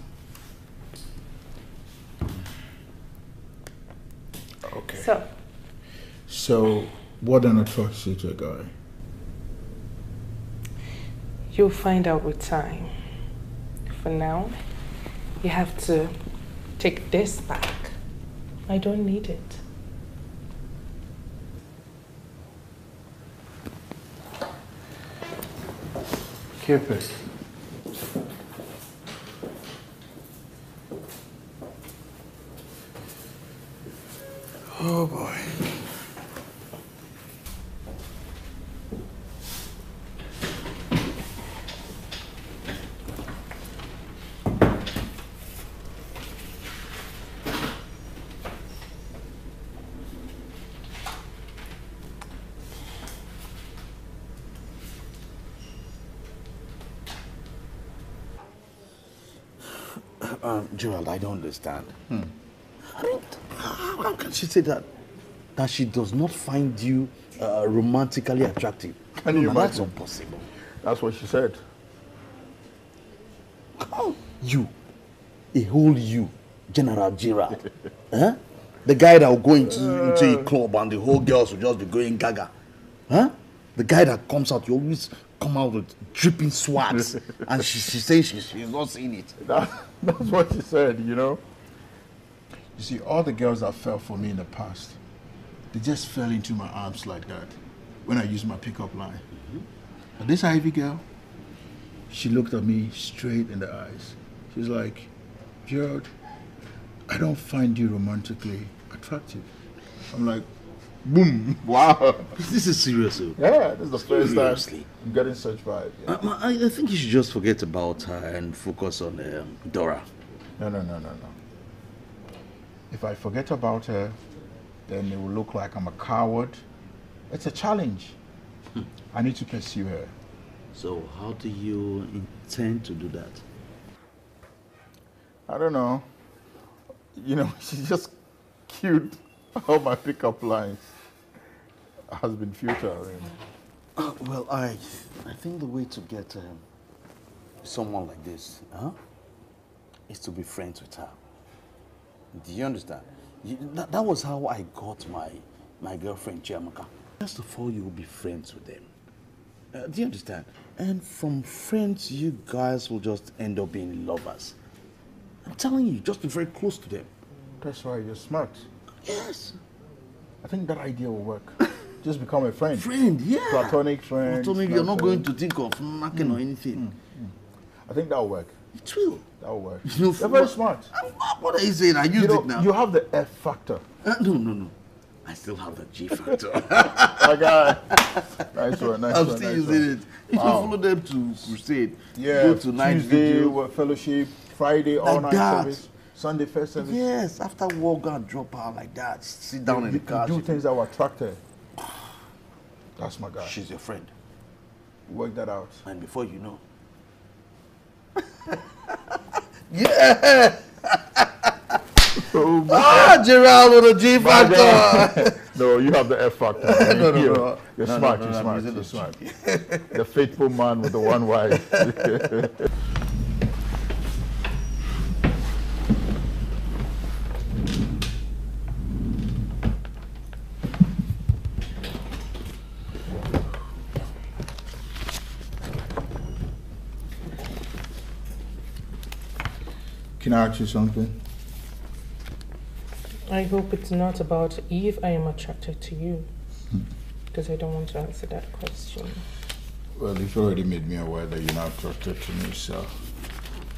Okay. So. So, what then attracts you to a guy? You'll find out with time. For now, you have to take this back. I don't need it. Keep it. Oh boy. Gerald, I don't understand. Hmm. I mean, how, can she say that? That she does not find you uh, romantically attractive. Can you no, That's impossible. That's what she said. How? You. A whole you. General Gerald. huh? The guy that will go into, into a club and the whole girls will just be going gaga. Huh? The guy that comes out, you always come out with dripping swabs, and she, she says she, she's not seen it. That, that's what she said, you know. You see, all the girls that fell for me in the past, they just fell into my arms like that when I used my pickup line. Mm -hmm. But this Ivy girl, she looked at me straight in the eyes. She's like, Gerald, I don't find you romantically attractive. I'm like, Boom! Wow. This is serious. Though. Yeah, this is the first Seriously. time I'm getting such vibe. Yeah. I, uh, I, I, think you should just forget about her and focus on um, Dora. No, no, no, no, no. If I forget about her, then it will look like I'm a coward. It's a challenge. Hmm. I need to pursue her. So, how do you intend to do that? I don't know. You know, she's just cute all my pickup lines has been futile. Uh, well, I, I think the way to get um, someone like this huh, is to be friends with her. Do you understand? You, that, that was how I got my, my girlfriend, Chiamaka. First of all, you will be friends with them. Uh, do you understand? And from friends, you guys will just end up being lovers. I'm telling you, just be very close to them. That's why you're smart. Yes. I think that idea will work. Just become a friend. Friend, yeah. Platonic friend. Platonic, you're not going to think of knocking mm. or anything. Mm. Mm. I think that will work. It will. That will work. You You're very smart. What are you saying? I used you know, it now. You have the F factor. Uh, no, no, no. I still have the G factor. My guy. Nice one, nice I'm one. I'm still nice using one. it. You wow. follow them to crusade. Yeah. Go to Tuesday, night video. fellowship, Friday, like all night that. service. Sunday first service. Yes, after war, and drop out like that. Sit down you, in the car. do things that were attracted. That's my guy. She's your friend. Work that out. And before you know. yeah. oh, ah, Gerald with a G factor. no, you have the F factor. no, no, you're, no. You're no, smart. No, no, you're smart. You're smart. the faithful man with the one wife. Can I ask you something? I hope it's not about if I am attracted to you. Because I don't want to answer that question. Well, you've already made me aware that you're not attracted to me, so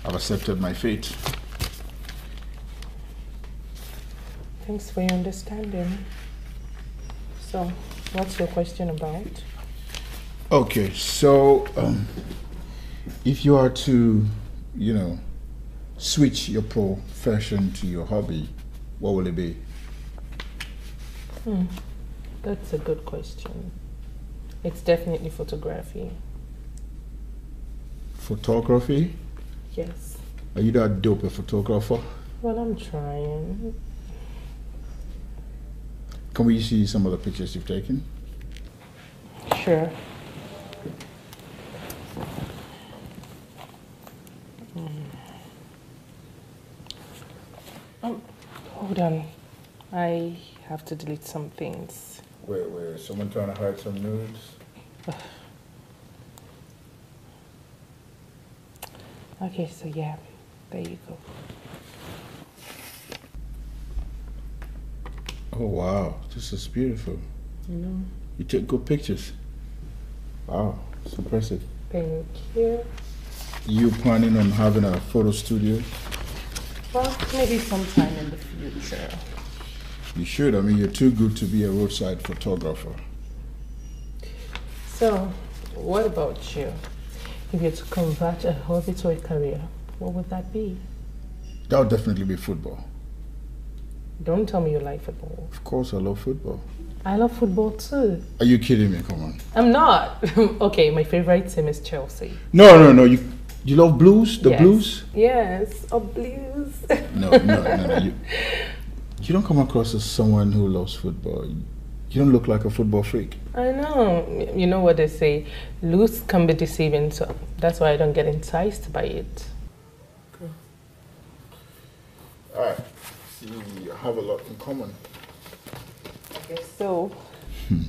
I've accepted my fate. Thanks for your understanding. So, what's your question about? Okay, so um, if you are to, you know, switch your profession to your hobby, what will it be? Hmm. That's a good question. It's definitely photography. Photography? Yes. Are you that dope a photographer? Well, I'm trying. Can we see some of the pictures you've taken? Sure. Um, hold on. I have to delete some things. Wait, wait, is someone trying to hide some nudes? okay, so yeah, there you go. Oh wow, this is beautiful. You know. You take good pictures. Wow, it's impressive. Thank you. You planning on having a photo studio? Well, maybe sometime in the future. You should. I mean, you're too good to be a roadside photographer. So, what about you? If you had to convert a hobby to a career, what would that be? That would definitely be football. Don't tell me you like football. Of course, I love football. I love football too. Are you kidding me? Come on. I'm not. okay, my favorite team is Chelsea. No, no, no. You you love blues? The yes. blues? Yes, of blues. no, no, no, no. You, you don't come across as someone who loves football. You don't look like a football freak. I know. You know what they say loose can be deceiving, so that's why I don't get enticed by it. Okay. All right. See, we have a lot in common. I guess so. Hmm.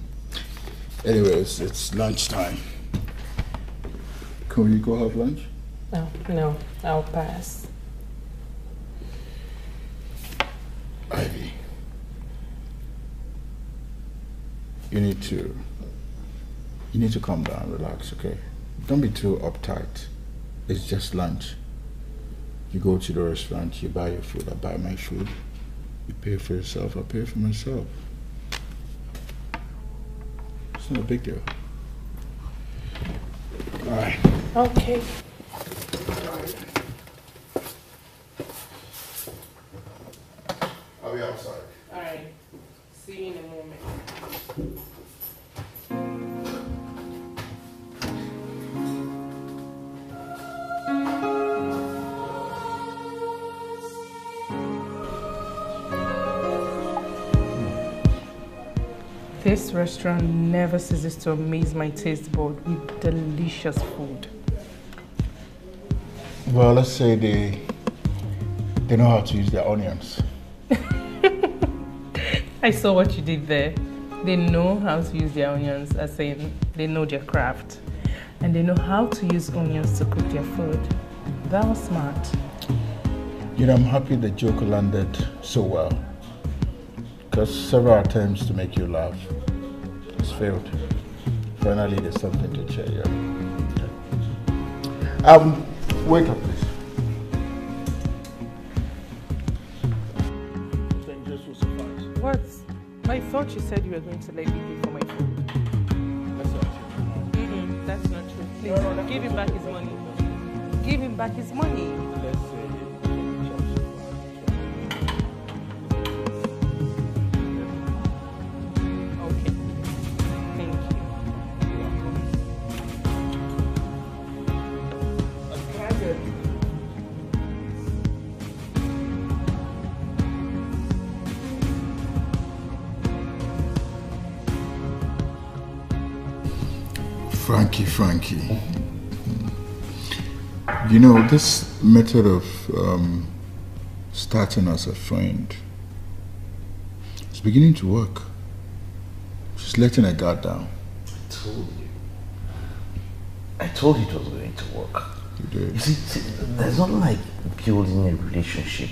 Anyways, it's lunchtime. Can we go have lunch? No, no, I'll pass. Ivy, you need to, you need to calm down, relax, okay? Don't be too uptight. It's just lunch. You go to the restaurant, you buy your food, I buy my food. You pay for yourself, I pay for myself. It's not a big deal. All right. Okay. This restaurant never ceases to amaze my taste bud with delicious food. Well, let's say they they know how to use their onions. I saw what you did there. They know how to use their onions, as in they know their craft. And they know how to use onions to cook their food. That was smart. You know, I'm happy the joke landed so well. Just several attempts to make you laugh. It's failed. Finally, there's something to cheer you up. Um, wake up, please. What? I thought you said you were going to let me pay for my food. That's not true. Mm -mm, that's not true. Please, give him back his money. Give him back his money. Yes. You know, this method of um, starting as a friend is beginning to work. She's letting her guard down. I told you. I told you it was going to work. You did. You see, see there's not like building a relationship,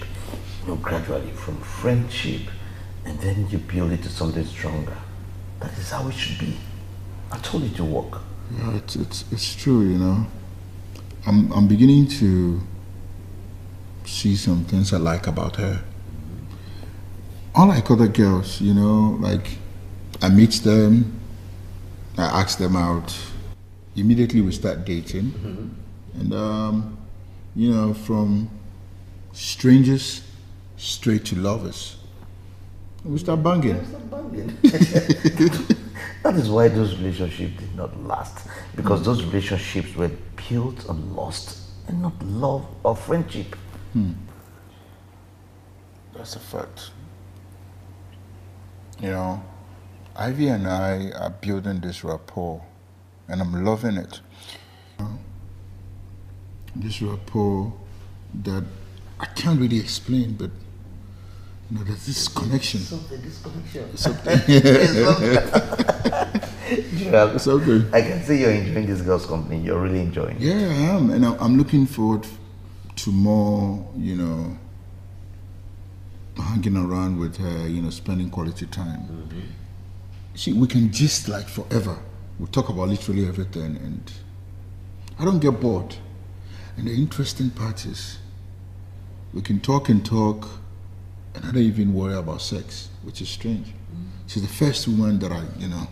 you know, gradually from friendship and then you build it to something stronger. That is how it should be. I told you to work. Yeah, it's, it's, it's true, you know. I'm, I'm beginning to see some things I like about her. Unlike other girls, you know, like I meet them, I ask them out. Immediately we start dating. Mm -hmm. And, um, you know, from strangers straight to lovers. We start banging. We start banging. That is why those relationships did not last because mm. those relationships were built on lust and not love or friendship. Mm. That's a fact. You know, Ivy and I are building this rapport and I'm loving it. This rapport that I can't really explain, but no, there's this connection. Something, this connection. Something. Gerald, Something. I can see you're enjoying this girl's company. You're really enjoying. Yeah, I am, and I'm looking forward to more. You know, hanging around with her. You know, spending quality time. Mm -hmm. See, we can just like forever. We talk about literally everything, and I don't get bored. And the interesting part is, we can talk and talk and I don't even worry about sex, which is strange. She's the first woman that I, you know,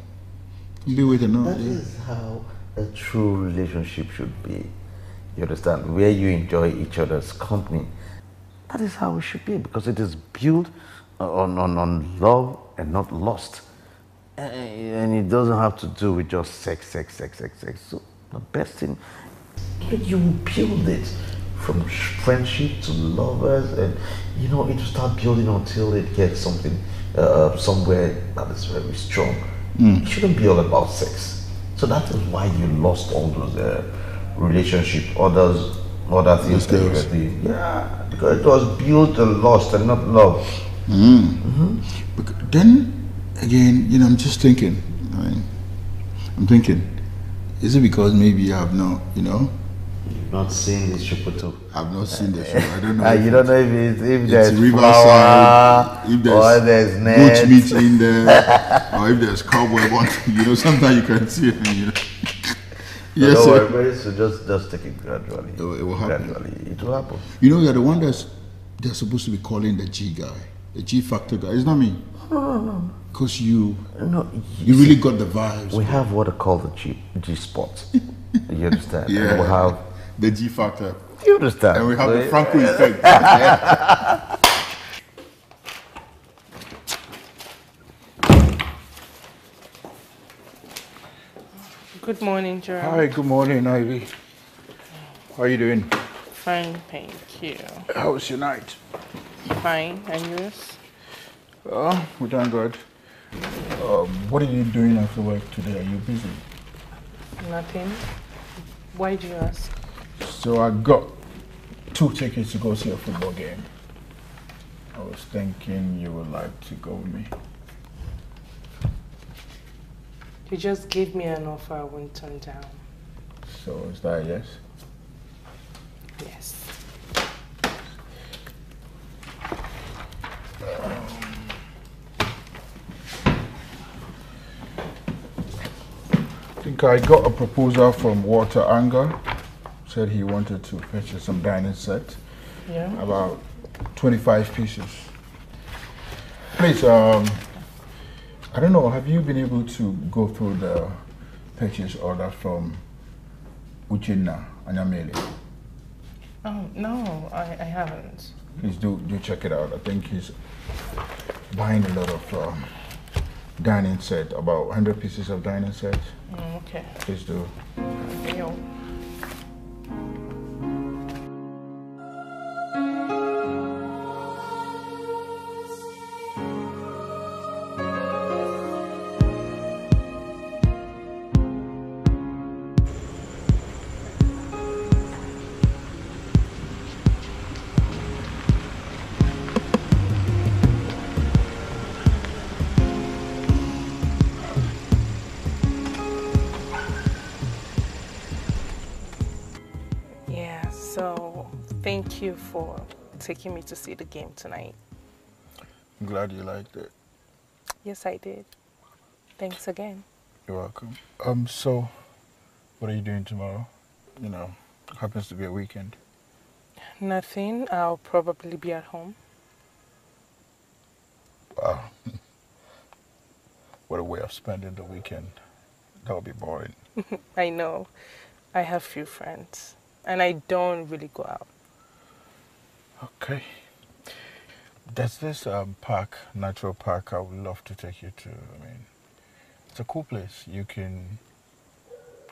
can be with her now. That yeah. is how a true relationship should be. You understand? Where you enjoy each other's company. That is how it should be because it is built on, on, on love and not lust. Eh, and it doesn't have to do with just sex, sex, sex, sex, sex. So the best thing, you build it from friendship to lovers, and you know it will start building until it gets something uh, uh somewhere that is very strong. Mm. It shouldn't be all about sex. So that is why you lost all those uh, relationship, others, other things. Yeah, because it was built and lost and not love. Mm. Mm -hmm. Mm-hmm. Then again, you know, I'm just thinking. I mean, I'm thinking. Is it because maybe I have not, you know, not seen the Shokoto. I've not seen the show. I don't know. Ah, you don't know if it's, if it's there's riverside, if there's, or there's goat meat in there, or if there's cowboy. But you know, sometimes you can see it. You know. yes, do so just just take it gradually. It will happen. Gradually, it will happen. You know, you're the one that's they're supposed to be calling the G guy, the G factor guy. It's not me. No, no, no. Because you, no, you, you really see, got the vibes. We bro. have what are called the G G spots. you understand? Yeah. we have the G Factor. You understand? And we have the Franco effect. Good morning, Gerald. Hi, good morning, Ivy. How are you doing? Fine, thank you. How was your night? Fine, and yours? Oh, we doing good. Um, what are you doing after work today? Are you busy? Nothing. Why do you ask? So I got two tickets to go see a football game. I was thinking you would like to go with me. You just gave me an offer I won't turn down. So is that yes? Yes. Um, I think I got a proposal from Walter Anger said he wanted to purchase some dining set. Yeah. About 25 pieces. Please, um, I don't know, have you been able to go through the purchase order from Uchenna Anyamele? Oh um, no, I, I haven't. Please do, do check it out. I think he's buying a lot of um, dining set, about 100 pieces of dining set. Mm, okay. Please do. Deal. thank you for taking me to see the game tonight. I'm glad you liked it. Yes, I did. Thanks again. You're welcome. Um, so, what are you doing tomorrow? You know, happens to be a weekend. Nothing. I'll probably be at home. Wow. what a way of spending the weekend. That would be boring. I know. I have few friends. And I don't really go out. Okay. There's this um, park, natural park, I would love to take you to. I mean, it's a cool place. You can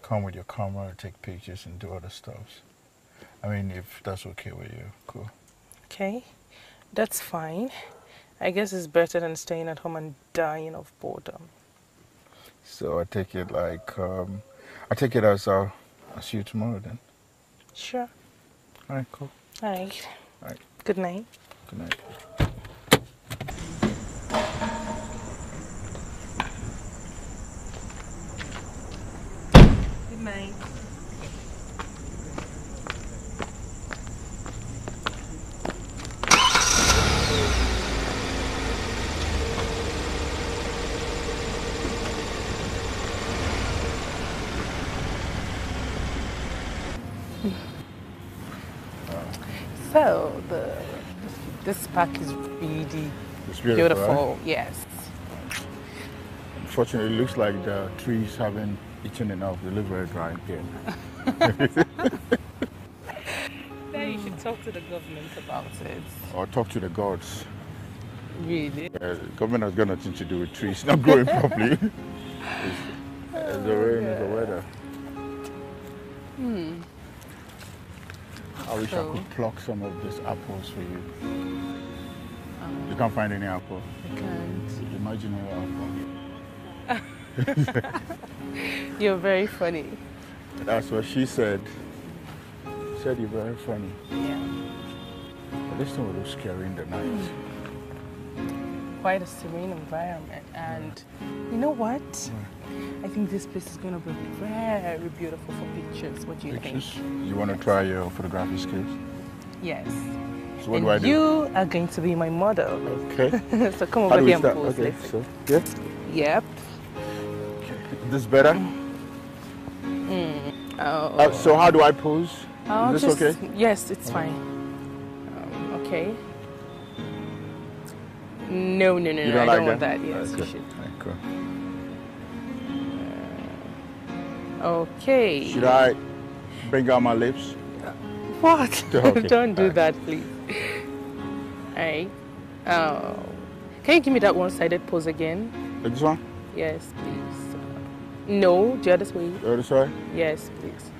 come with your camera, take pictures, and do other stuff. I mean, if that's okay with you, cool. Okay, that's fine. I guess it's better than staying at home and dying of boredom. So I take it like, um, I take it as uh, I'll, see you tomorrow then. Sure. All right, cool. All right. Good night. Good night. Good night. park is really beautiful, beautiful. Right? Yes. Unfortunately, it looks like the trees haven't eaten enough the liver right here. then you should talk to the government about it. Or talk to the gods. Really? the uh, government has got nothing to do with trees not growing properly. it's, it's the rain, yeah. the weather. Hmm. I wish so. I could pluck some of these apples for you. Um, you can't find any apple. I can't. Imaginary apple. you're very funny. That's what she said. She said you're very funny. Yeah. But this thing will look scary in the night. Mm quite a serene environment. And you know what? I think this place is going to be very beautiful for pictures. What do you pictures? think? You want to try your photography skills? Yes. So what and do I do? You are going to be my model. Okay. so come over here and start? pose. Okay. Let's so, yeah. Yep. Okay. This better? Mm. Uh, oh. Uh, so how do I pose? Oh, is this just, okay? Yes, it's uh-huh. fine. Um, okay. No, no, no, no. I like don't that? want that. Yes, okay. Right, cool. uh, okay. Should I bring out my lips? What? Okay. don't do right. that, please. Hey, Oh. Can you give me that one-sided pose again? Like this one? Yes, please. No, the other way. The other side? Yes, please.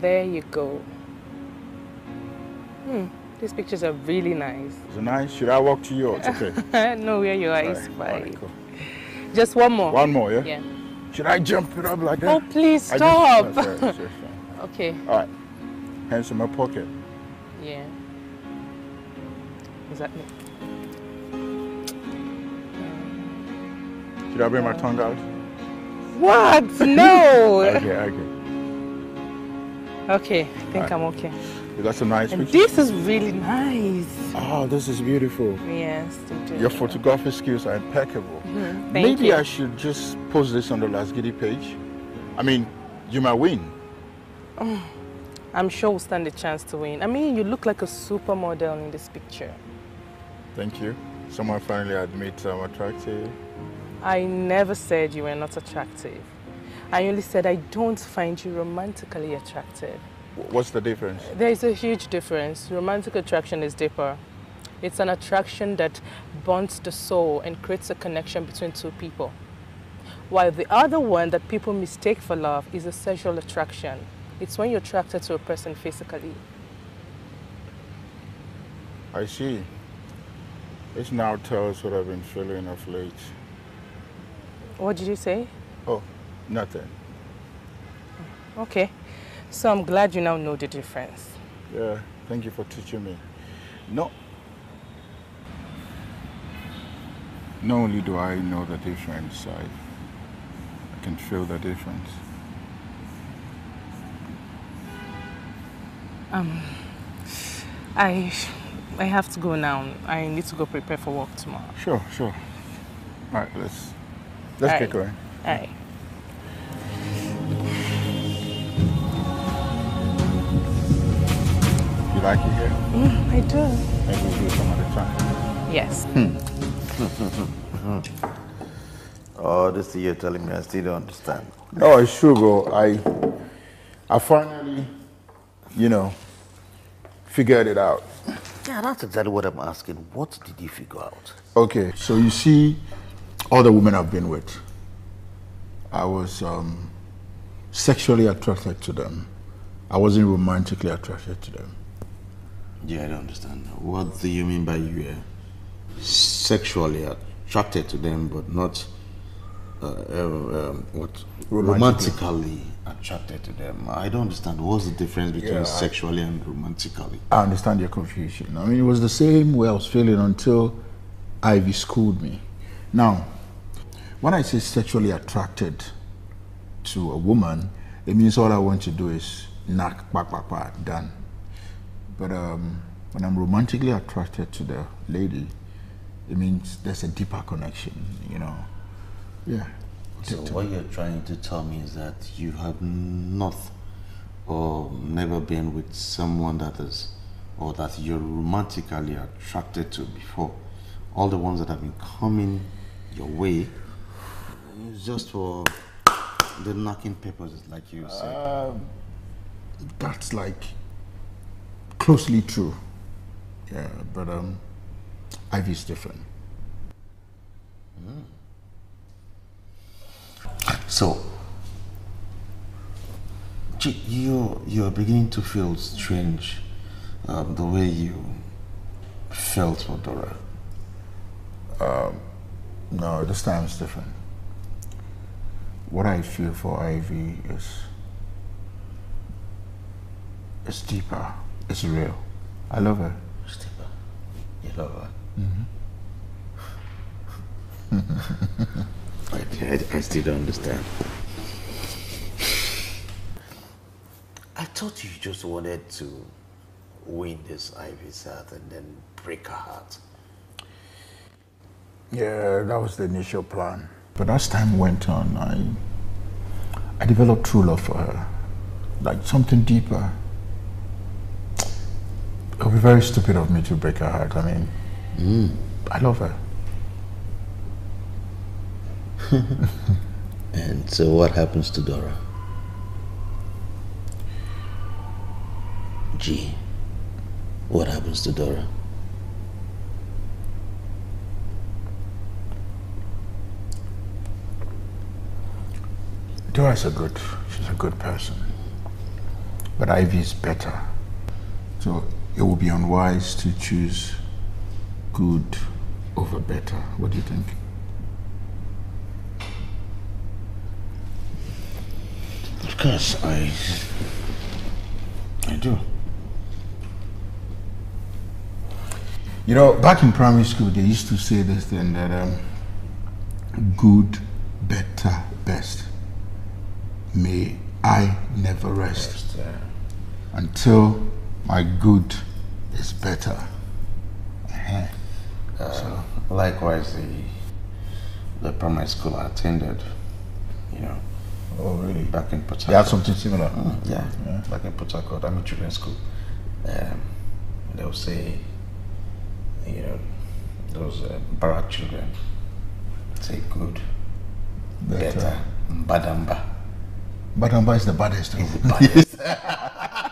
There you go. Hmm. These pictures are really nice. Is it nice? Should I walk to yours? Okay. no, where you are is fine. Cool. Just one more. One more, yeah? Yeah. Should I jump it up like that? Oh, please stop. Just, sorry, sorry, sorry. okay. All right. Hands in my pocket. Yeah. Is that me? Should I bring my tongue out? What? No. okay, okay. Okay, I think right. I'm okay. You got some nice pictures? This is really nice. Oh, this is beautiful. Yes, Your photography skills are impeccable. Mm -hmm. Maybe you. I should just post this on the Last Giddy page. I mean, you might win. Oh, I'm sure we'll stand a chance to win. I mean, you look like a supermodel in this picture. Thank you. Someone finally admits I'm attractive. I never said you were not attractive. I only said I don't find you romantically attractive. What's the difference? There is a huge difference. Romantic attraction is deeper. It's an attraction that bonds the soul and creates a connection between two people. While the other one that people mistake for love is a sexual attraction. It's when you're attracted to a person physically. I see. This now tells what I've been feeling of late. What did you say? Oh, nothing. Okay. So I'm glad you now know the difference. Yeah, thank you for teaching me. No. Not only do I know the difference, I, I can feel the difference. Um, I, I have to go now. I need to go prepare for work tomorrow. Sure, sure. All right, let's let's All get right. going. All right. like it here? Mm, I do. Maybe we'll do some other time. Yes. Hmm. oh, this is you telling me I still don't understand. No, it's true, bro. I, I finally, you know, figured it out. Yeah, that's exactly what I'm asking. What did you figure out? Okay, so you see, all the women I've been with, I was um, sexually attracted to them. I wasn't romantically attracted to them. Yeah, I don't understand. What do you mean by you are sexually attracted to them, but not uh, uh, um, what romantically. romantically. attracted to them? I don't understand. What's the difference between yeah, sexually and romantically? I understand your confusion. I mean, it was the same way I was feeling until Ivy schooled me. Now, when I say sexually attracted to a woman, it means all I want to do is knock, back, back, back, done but um, when I'm romantically attracted to the lady, it means there's a deeper connection, you know. Yeah. So what you're trying to tell me is that you have not or never been with someone that is or that you're romantically attracted to before. All the ones that have been coming your way just for the knocking papers like you said. Um, that's like closely true. Yeah, but um, Ivy is different. Mm. So, you you are beginning to feel strange, um, the way you felt for Dora. Um, no, this time is different. What I feel for Ivy is is deeper. It's real. I love her. Stipper, you love her. Mm-hmm. I, I, I still don't understand. I thought you just wanted to win this Ivy's heart and then break her heart. Yeah, that was the initial plan. But as time went on, I, I developed true love for her, like something deeper. It would be very stupid of me to break her heart. I mean, mm. I love her. and so what happens to Dora? Gee, what happens to Dora? Dora's a good, she's a good person. But Ivy's better. So it would be unwise to choose good over better. What do you think? Of course, I I do. You know, back in primary school, they used to say this thing that um, good, better, best. May I never rest, rest until my good is better. Uh, so. Likewise, the the primary school I attended, you know. Oh, really? Back in Port They had something similar? Mm, yeah. yeah. Back in Port Harcourt, I'm in children's school. Um, they'll say, you know, those uh, barrack children say good, better, better mbadamba. Badamba is the baddest. of the baddest.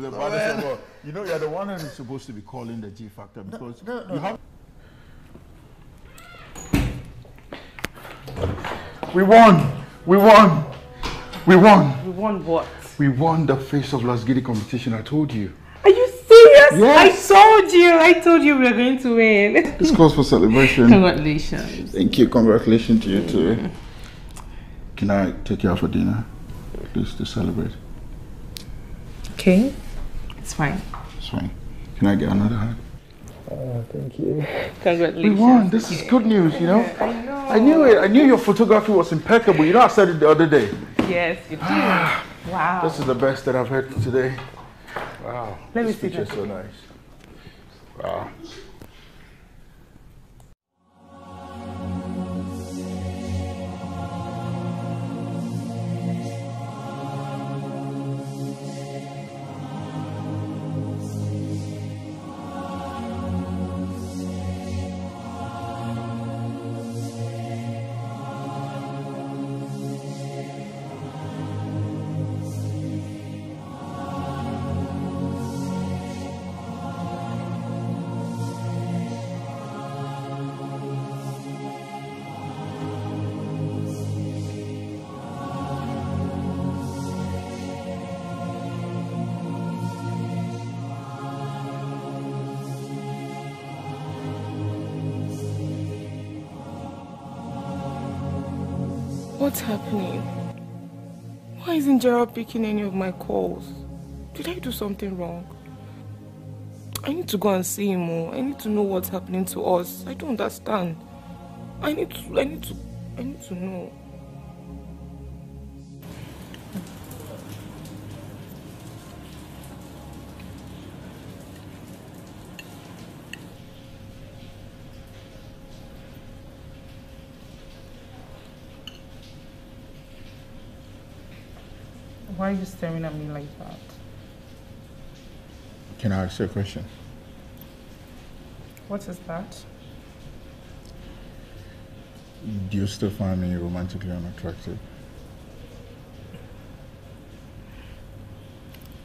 well. You know, you're the one who's supposed to be calling the G factor because no, no, no, you have. We won! We won! We won! We won what? We won the Face of Las Giddy competition, I told you. Are you serious? Yes. I told you! I told you we were going to win. It's calls for celebration. Congratulations. Thank you. Congratulations to you too. Can I take you out for dinner? Please, to celebrate. Okay fine. It's fine. Can I get another hug? Oh, thank you. Congratulations. We won. This is good news, you know? I know. I knew it. I knew your photography was impeccable. You know, I said it the other day. Yes, you ah. did. wow. This is the best that I've heard today. Wow. Let this me see picture's so nice. Wow. What's happening? Why isn't Gerald picking any of my calls? Did I do something wrong? I need to go and see him more. I need to know what's happening to us. I don't understand. I need to, I need to, I need to know. Why are you staring at me like that? Can I ask you a question? What is that? Do you still find me romantically unattractive?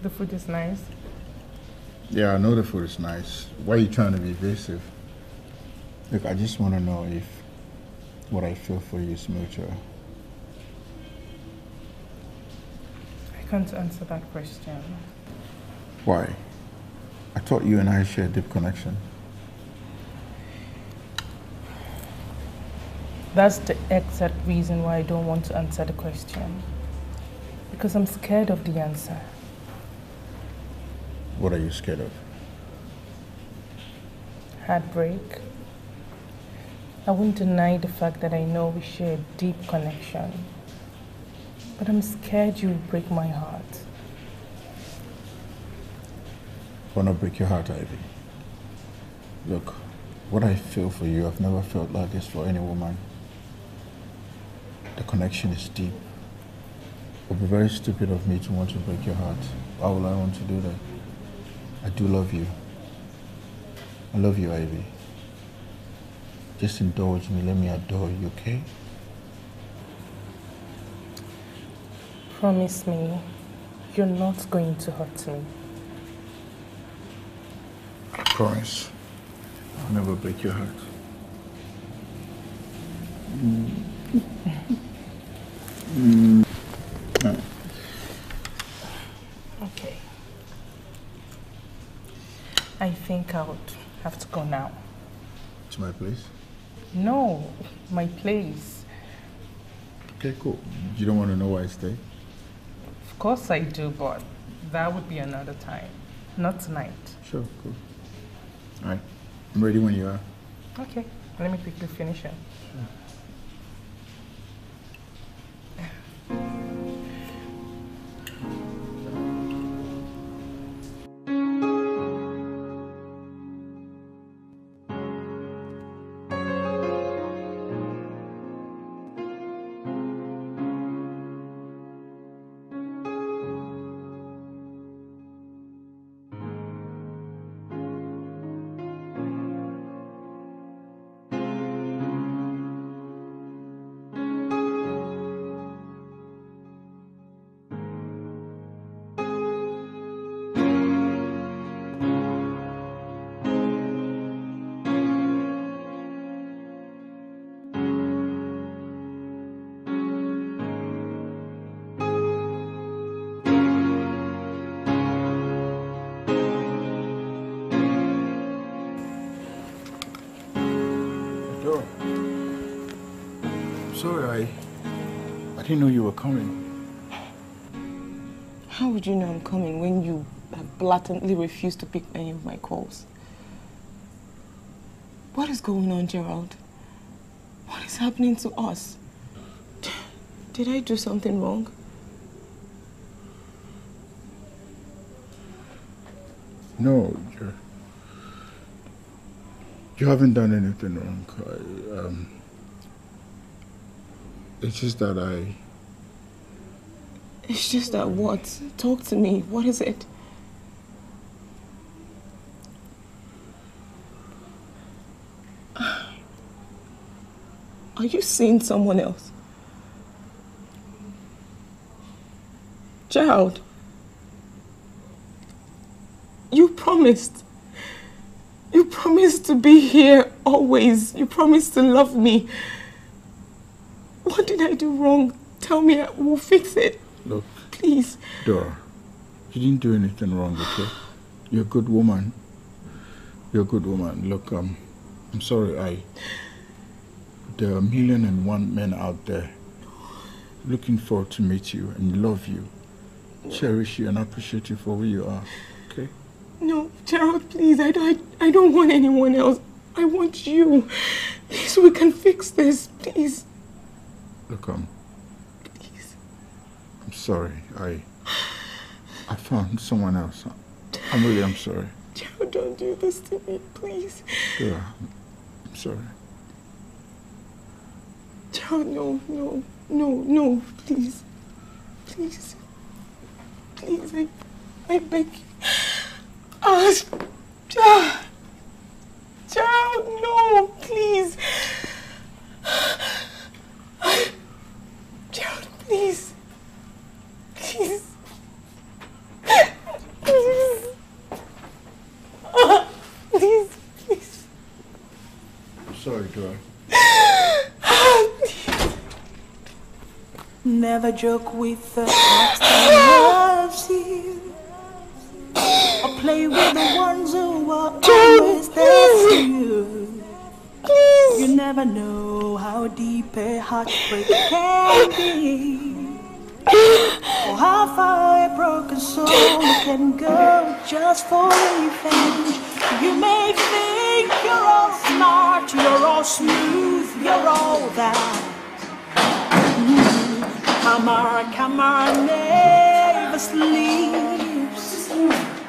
The food is nice. Yeah, I know the food is nice. Why are you trying to be evasive? Look, I just want to know if what I feel for you is mutual. can't answer that question. Why? I thought you and I share a deep connection. That's the exact reason why I don't want to answer the question. Because I'm scared of the answer. What are you scared of? Heartbreak. I won't deny the fact that I know we share a deep connection but I'm scared you'll break my heart. Why not break your heart, Ivy? Look, what I feel for you, I've never felt like this for any woman. The connection is deep. It would be very stupid of me to want to break your heart. Why would I want to do that? I do love you. I love you, Ivy. Just indulge me. Let me adore you, okay? Promise me you're not going to hurt me. I promise. I'll never break your heart. Mm. Mm. No. Okay. I think I would have to go now. To my place? No, my place. Okay, cool. You don't want to know why I stay? course I do, but that would be another time, not tonight. Sure, cool. All right. I'm ready when you are. Okay. Let me quickly finish it. Sure. did you know you were coming. How would you know I'm coming when you have blatantly refused to pick any of my calls? What is going on, Gerald? What is happening to us? Did I do something wrong? No, you, you haven't done anything wrong. I, um, it's just that I it's just that what? Talk to me. What is it? Are you seeing someone else? Child, you promised. You promised to be here always. You promised to love me. What did I do wrong? Tell me, I will fix it. Look. Please. Dora, you didn't do anything wrong, okay? You're a good woman. You're a good woman. Look, um, I'm sorry, I... There are a million and one men out there looking forward to meet you and love you, cherish you and appreciate you for who you are, okay? No, Gerald, please, I don't, I, I don't want anyone else. I want you. Please, we can fix this, please. Look, um, sorry. I I found someone else. I'm really I'm sorry. Joe, don't do this to me, please. Yeah, I'm sorry. Joe, no, no, no, no, please. Please. Please, I, I beg you. Oh, Joe. Joe, no, please. Ah, Joe, please. Please. Please. Please, please. Sorry, girl. Never joke with the fox who loves you. Or play with the ones who are always there for you. You never know how deep a heartbreak can be oh, how far a broken soul can go just for revenge. You may think you're all smart, you're all smooth, you're all that. Mm. Come on, come on, never sleeps.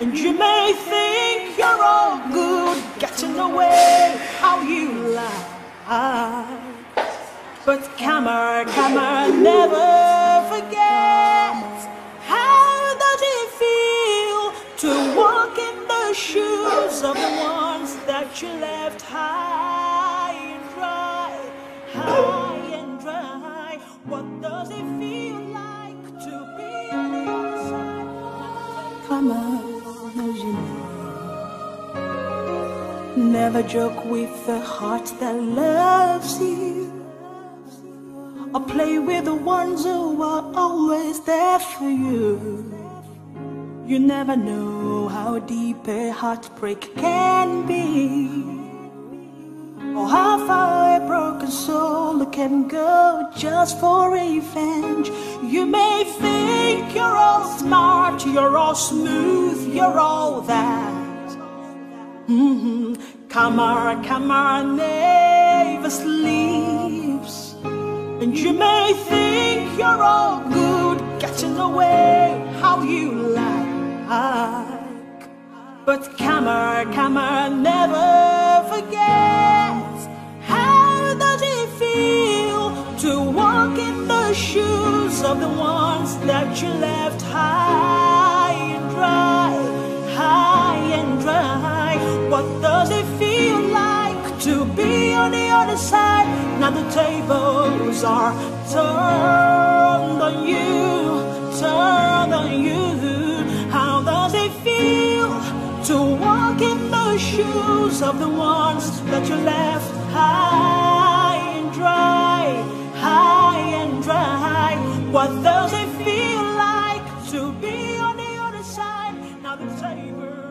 And you may think you're all good, getting away how you like. But come on, come on, never forget how does it feel to walk in the shoes of the ones that you left high and dry, high and dry. What does it feel like to be on the other side? Come on, as Never joke with the heart that loves you. I play with the ones who are always there for you. You never know how deep a heartbreak can be. Or how far a broken soul can go just for revenge. You may think you're all smart, you're all smooth, you're all that. Mm-hmm. Come on, come on, never sleep. And you may think you're all good, getting away how you like. But camera, camera, never forget how does it feel to walk in the shoes of the ones that you left high and dry, high and dry. What does it feel? to be on the other side. Now the tables are turned on you, turned on you. How does it feel to walk in the shoes of the ones that you left high and dry, high and dry? What does it feel like to be on the other side? Now the tables.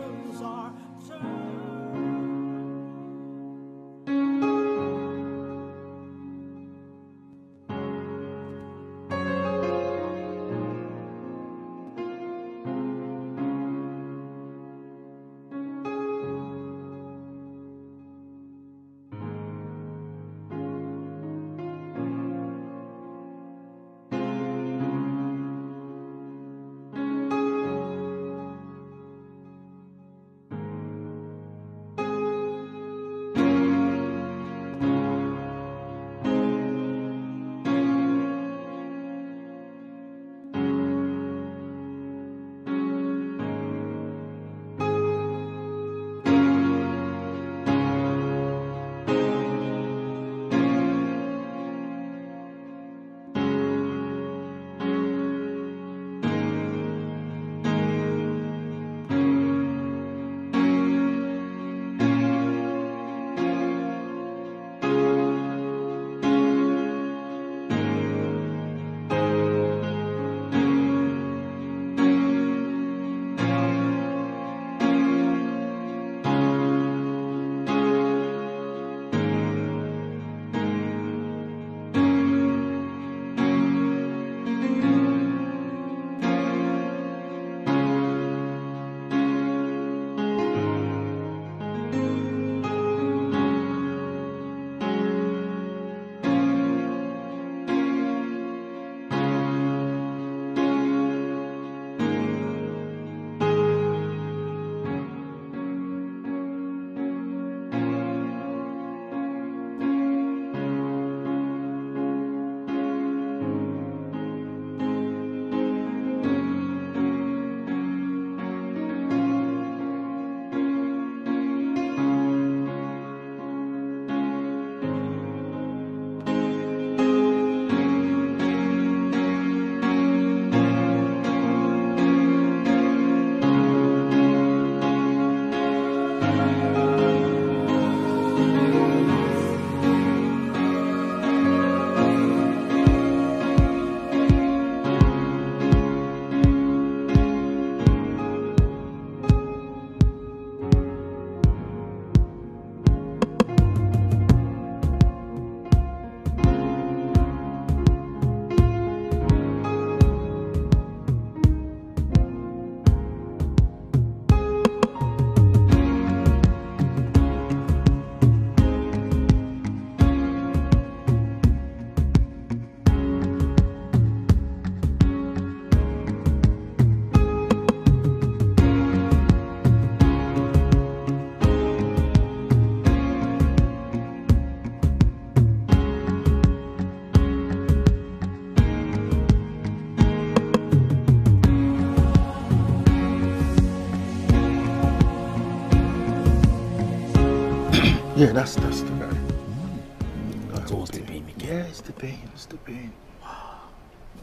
pain, it's the pain. Wow.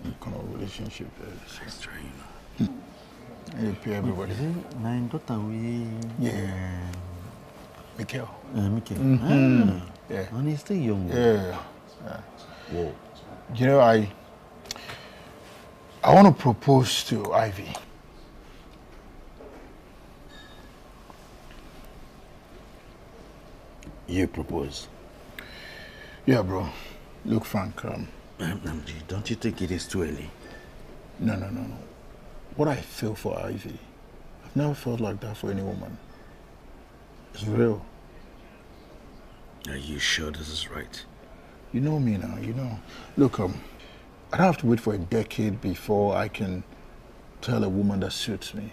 What kind of relationship is this? Extra, you You pay everybody. Is it my daughter? We. Yeah. Mikhail. Uh, Mikhail. Mm -hmm. ah. Yeah. And he's still young. Yeah. yeah. Whoa. You know, I. I want to propose to Ivy. You propose? Yeah, bro. Look, Frank. Um, don't you think it is too early? No, no, no, no. What I feel for Ivy, I've never felt like that for any woman. It's real. Are you sure this is right? You know me now, you know. Look, um, I don't have to wait for a decade before I can tell a woman that suits me.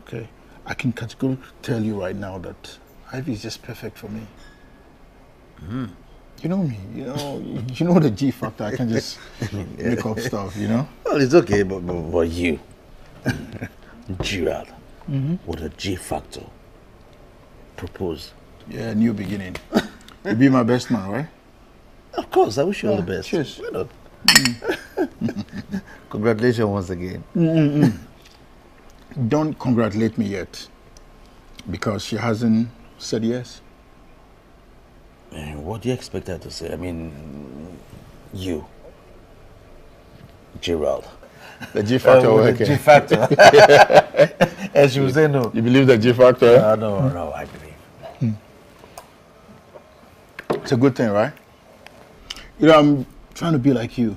Okay? I can categorically tell you right now that Ivy is just perfect for me. Mm you know me, you know, you know the G factor. I can just make up stuff, you know. Well, it's okay, but but, but you, Gerard, mm -hmm. what a G factor. Propose. Yeah, new beginning. you be my best man, right? Of course, I wish you yeah, all the best. Cheers. Why not? Congratulations once again. Mm, mm -mm Don't congratulate me yet, because she hasn't said yes what do you expect her to say? I mean, you, Gerald. The G factor um, oh, The G factor. and she was say no. You believe the G factor? Uh, no, mm. no, I believe. Hmm. It's a good thing, right? You know, I'm trying to be like you.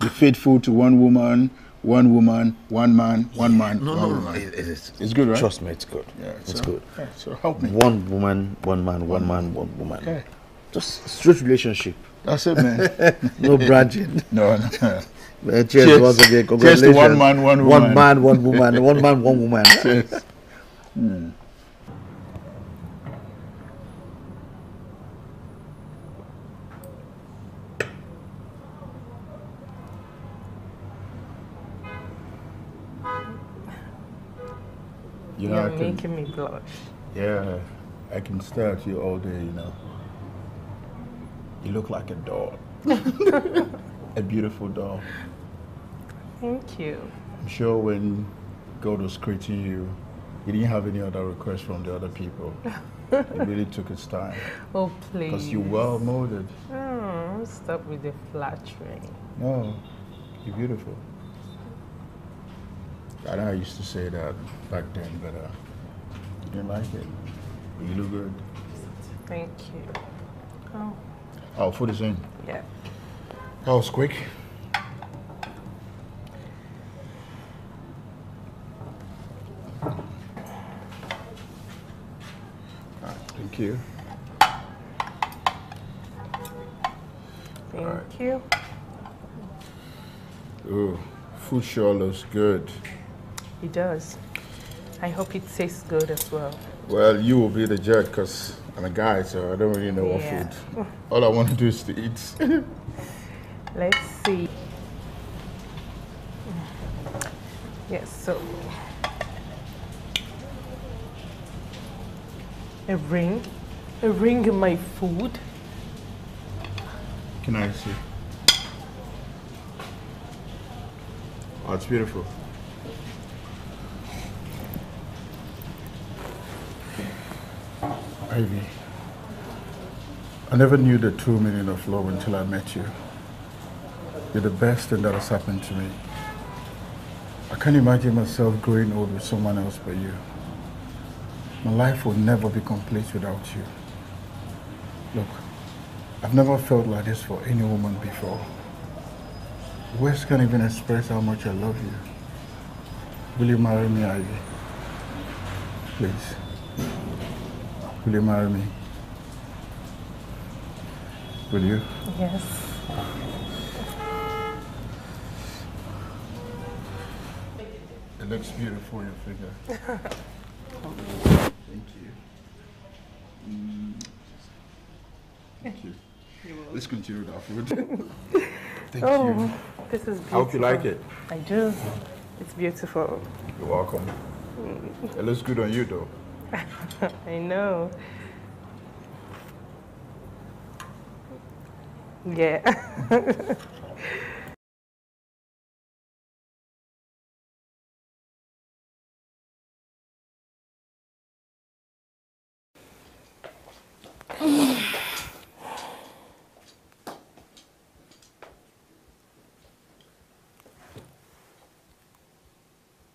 Be faithful to one woman, one woman, one man, one man. No, one no, woman. It, it is. It's good, right? Trust me, it's good. Yeah, it's so, good. Yeah, so help me. One woman, one man, one, one man, one woman. Okay. Just straight relationship. That's it, man. no branching. No, no. well, cheers, cheers once again. Congratulations. Cheers to one man, one woman. One man, one woman. one man, one woman. Cheers. Hmm. You know, You're making me blush. Yeah, I can stare at you all day. You know, you look like a doll, a beautiful doll. Thank you. I'm sure when God was creating you, you didn't have any other requests from the other people. it really took its time. Oh, please. Because you're well molded. Oh, stop with the flattering. No, you're beautiful. I know I used to say that back then, but uh, didn't like it. You look good. Thank you. Oh. Oh, food is in. Yeah. Oh, that was quick. Right, thank you. Thank right. you. Ooh, food sure looks good. It does. I hope it tastes good as well. Well, you will be the judge because I'm a guy, so I don't really know yeah. what food. All I want to do is to eat. Let's see. Yes, so a ring, a ring in my food. Can I see? Oh, it's beautiful. Ivy, I never knew the true meaning of love until I met you. You're the best thing that has happened to me. I can't imagine myself growing old with someone else but you. My life will never be complete without you. Look, I've never felt like this for any woman before. Words can't even express how much I love you. Will you marry me, Ivy? Please. Will you marry me? Will you? Yes. It looks beautiful, your figure. Thank you. Mm. Thank you. Let's continue our food. Thank oh, you. This is beautiful. I hope you like it. I do. It's beautiful. You're welcome. Mm. It looks good on you, though. I know. Yeah.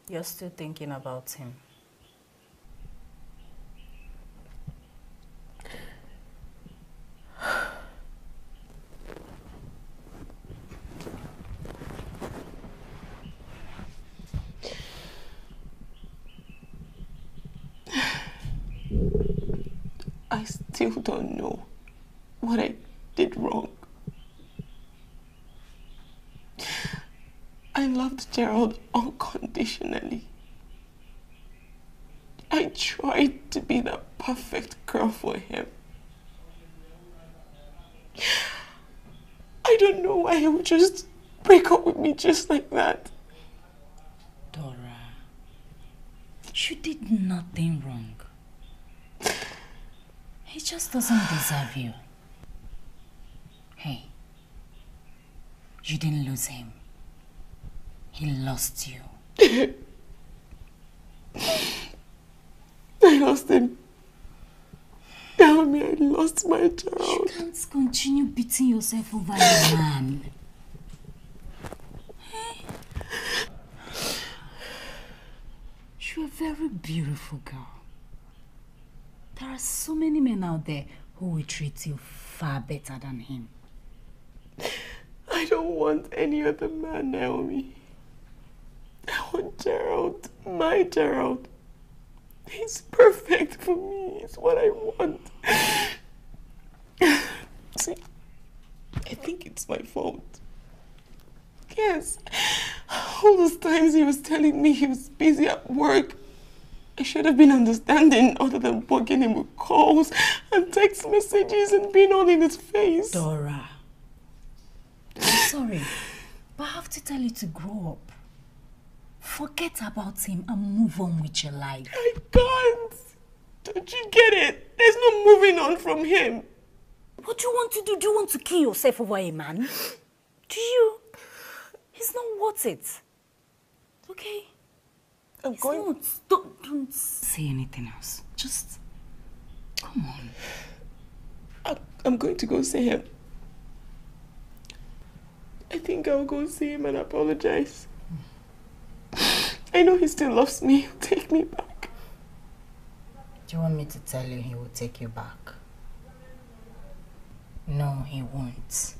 You're still thinking about him. Gerald unconditionally. I tried to be the perfect girl for him. I don't know why he would just break up with me just like that. Dora, you did nothing wrong. He just doesn't deserve you. Hey, you didn't lose him. He lost you. I lost him. Tell me I lost my child. You can't continue beating yourself over your man. Eh? You're a very beautiful girl. There are so many men out there who will treat you far better than him. I don't want any other man, Naomi. Oh, Gerald, my Gerald. He's perfect for me. It's what I want. See, I think it's my fault. Yes. All those times he was telling me he was busy at work. I should have been understanding other than bugging him with calls and text messages and being all in his face. Dora. I'm sorry, but I have to tell you to grow up. Forget about him and move on with your life. I can't. Don't you get it? There's no moving on from him. What do you want to do? Do you want to kill yourself over a man? Do you? It's not worth it. Okay? I'm going... Not. Don't, don't say anything else. Just... Come on. I'm going to go see him. I think I'll go see him and apologize. I know he still loves me. He'll take me back. Do you want me to tell you he will take you back? No, he won't.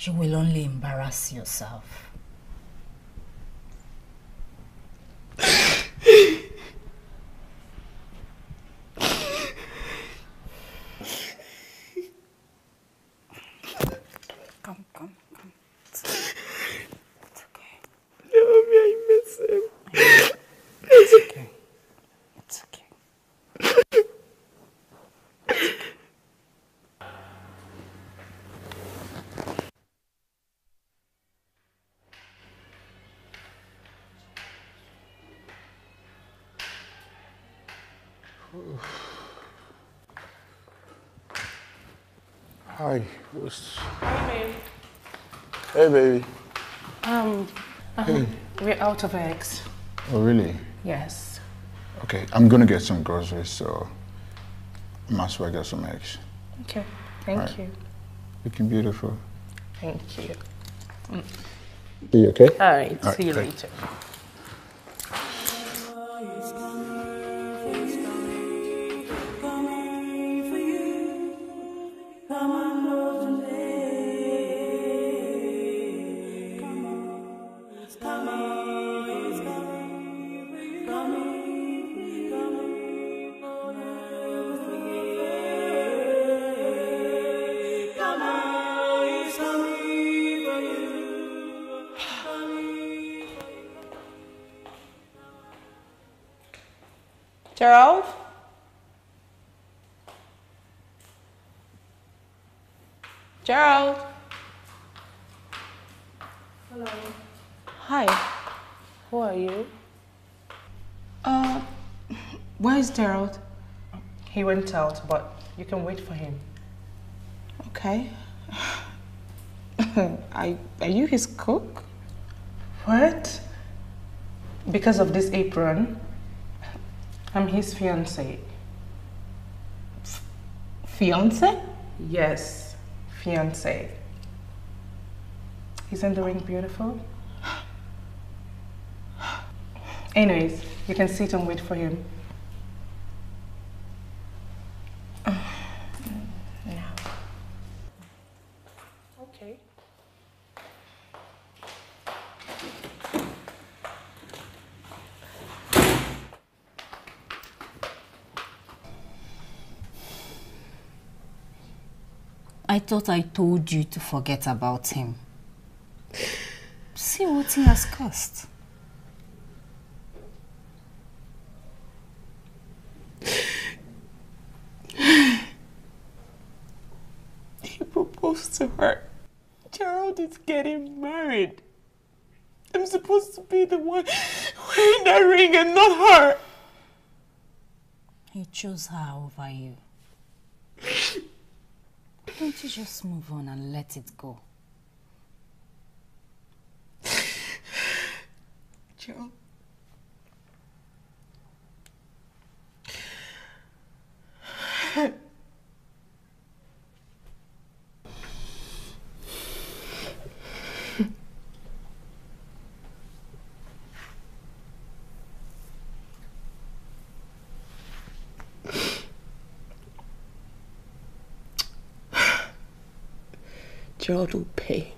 you will only embarrass yourself. was. Hey, Hey, baby. Um, um we're out of eggs. Oh, really? Yes. Okay, I'm gonna get some groceries, so I might as well get some eggs. Okay, thank right. you. Looking beautiful. Thank you. Mm. Are you okay? All right, All right see you later. out, but you can wait for him. Okay. I, are you his cook? What? Because of this apron, I'm his fiance. F fiance? Yes, fiance. Isn't the ring beautiful? Anyways, you can sit and wait for him. thought I told you to forget about him. See what he has cost. he proposed to her. Gerald is getting married. I'm supposed to be the one wearing that ring and not her. He chose her over you just move on and let it go? will pay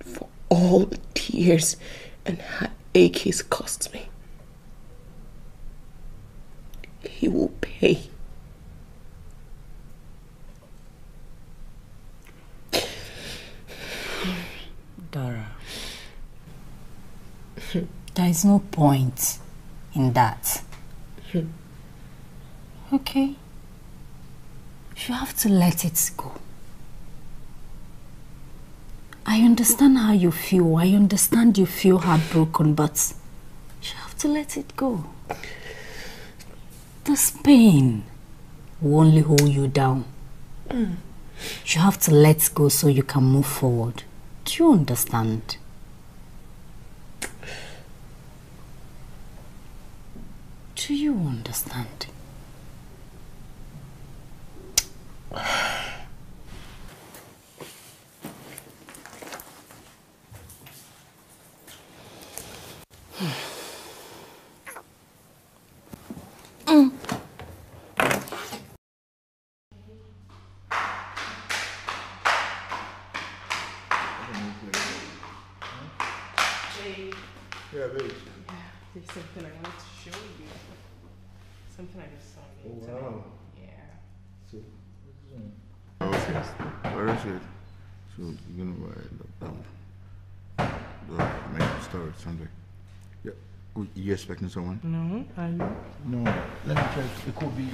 for all the tears and headache he's cost me. He will pay. Dara, there is no point in that. Hmm. Okay? You have to let it go. I understand how you feel. I understand you feel heartbroken, but you have to let it go. This pain will only hold you down. Mm. You have to let go so you can move forward. Do you understand? Do you understand? expecting someone. No, I know. No, let me check. It could be.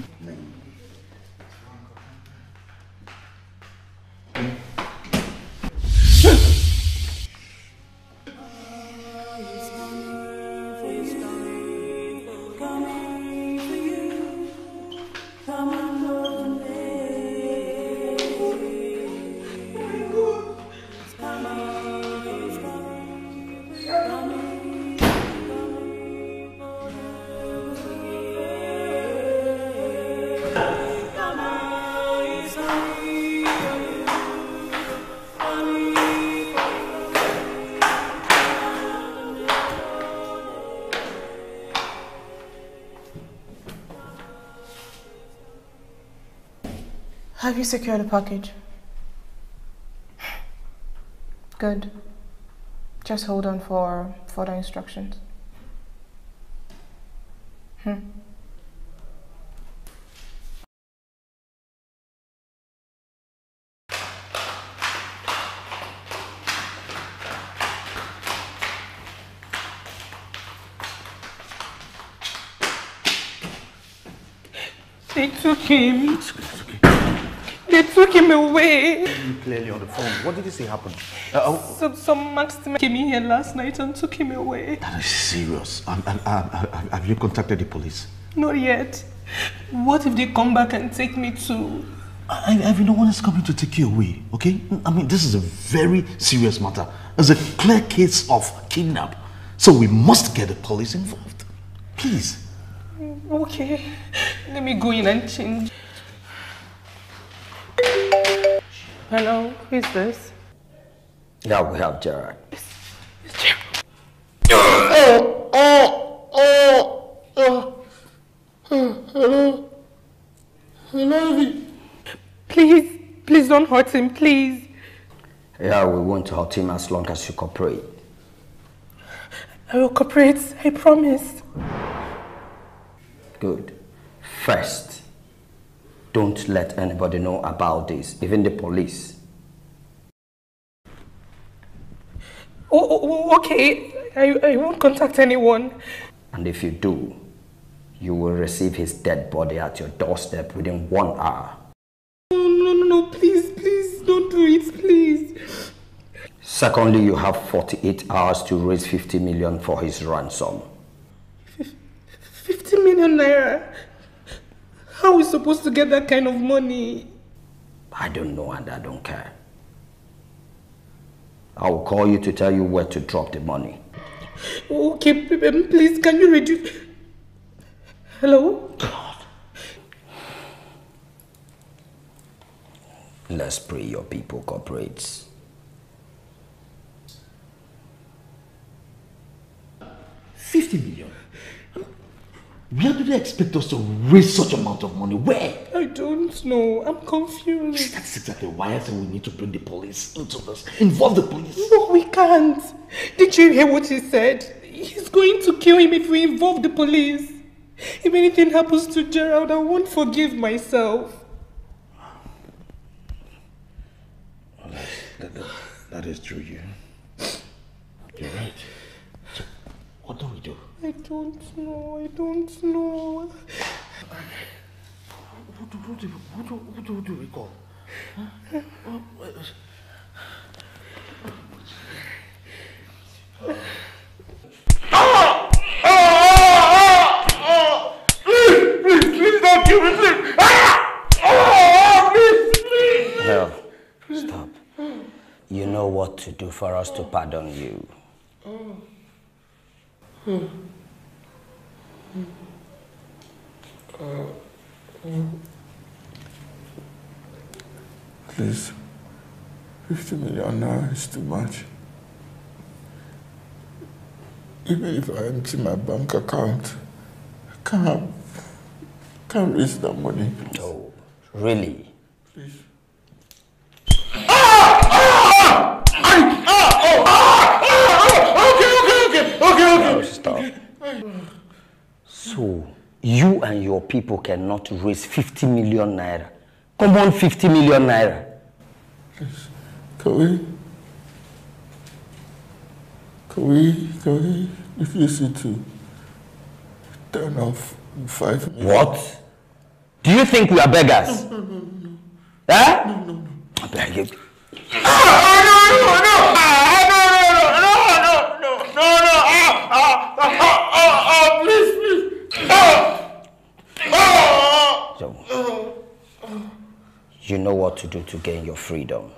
Have you secured a package? Good. Just hold on for further instructions. Hmm. They took him took him away. You clearly on the phone. What did you say happened? Uh, some, oh. some came in here last night and took him away. That is serious. have you contacted the police? Not yet. What if they come back and take me too? I, I, no one is coming to take you away, okay? I mean, this is a very serious matter. It's a clear case of kidnap. So we must get the police involved. Please. Okay. Let me go in and change. Hello, who's this? Now we have Gerard. It's, it's Gerard. Oh, oh, oh, oh, oh, hello, hello. Please, please don't hurt him, please. Yeah, we won't hurt him as long as you cooperate. I will cooperate, I promise. Good. First, don't let anybody know about this, even the police. Oh, okay, I, I won't contact anyone. And if you do, you will receive his dead body at your doorstep within one hour. No, no, no, no, please, please, don't do it, please. Secondly, you have 48 hours to raise 50 million for his ransom. 50 million naira? How are we supposed to get that kind of money? I don't know and I don't care. I will call you to tell you where to drop the money. Okay, please, can you reduce... Hello? God. Let's pray your people cooperates. Fifty million. Where do they expect us to raise such amount of money? Where? I don't know. I'm confused. That's exactly why I said we need to bring the police into this. Involve the police. No, we can't. Did you hear what he said? He's going to kill him if we involve the police. If anything happens to Gerald, I won't forgive myself. Well, that, that, that is true, you. You're right. So, what do we do? I don't know, I don't know. Who do, what do, what do, what do, what do we call? Huh? What, You know what to do for us to pardon you. Hmm. Hmm. Uh, hmm. Please, 50 million now is too much. Even if I empty my bank account, I can't, can't raise that money. No, really? Stop. So, you and your people cannot raise 50 million naira. Come on, 50 million naira. Please, can we? Can we, can we refuse it to turn off five million? What? Do you think we are beggars? No, no, no. no. Huh? No, no, no. I beg you. Ah, no, no, no. Ah, no, no, no, no, no, no, no, no oh, please, please. So, you know what to do to gain your freedom.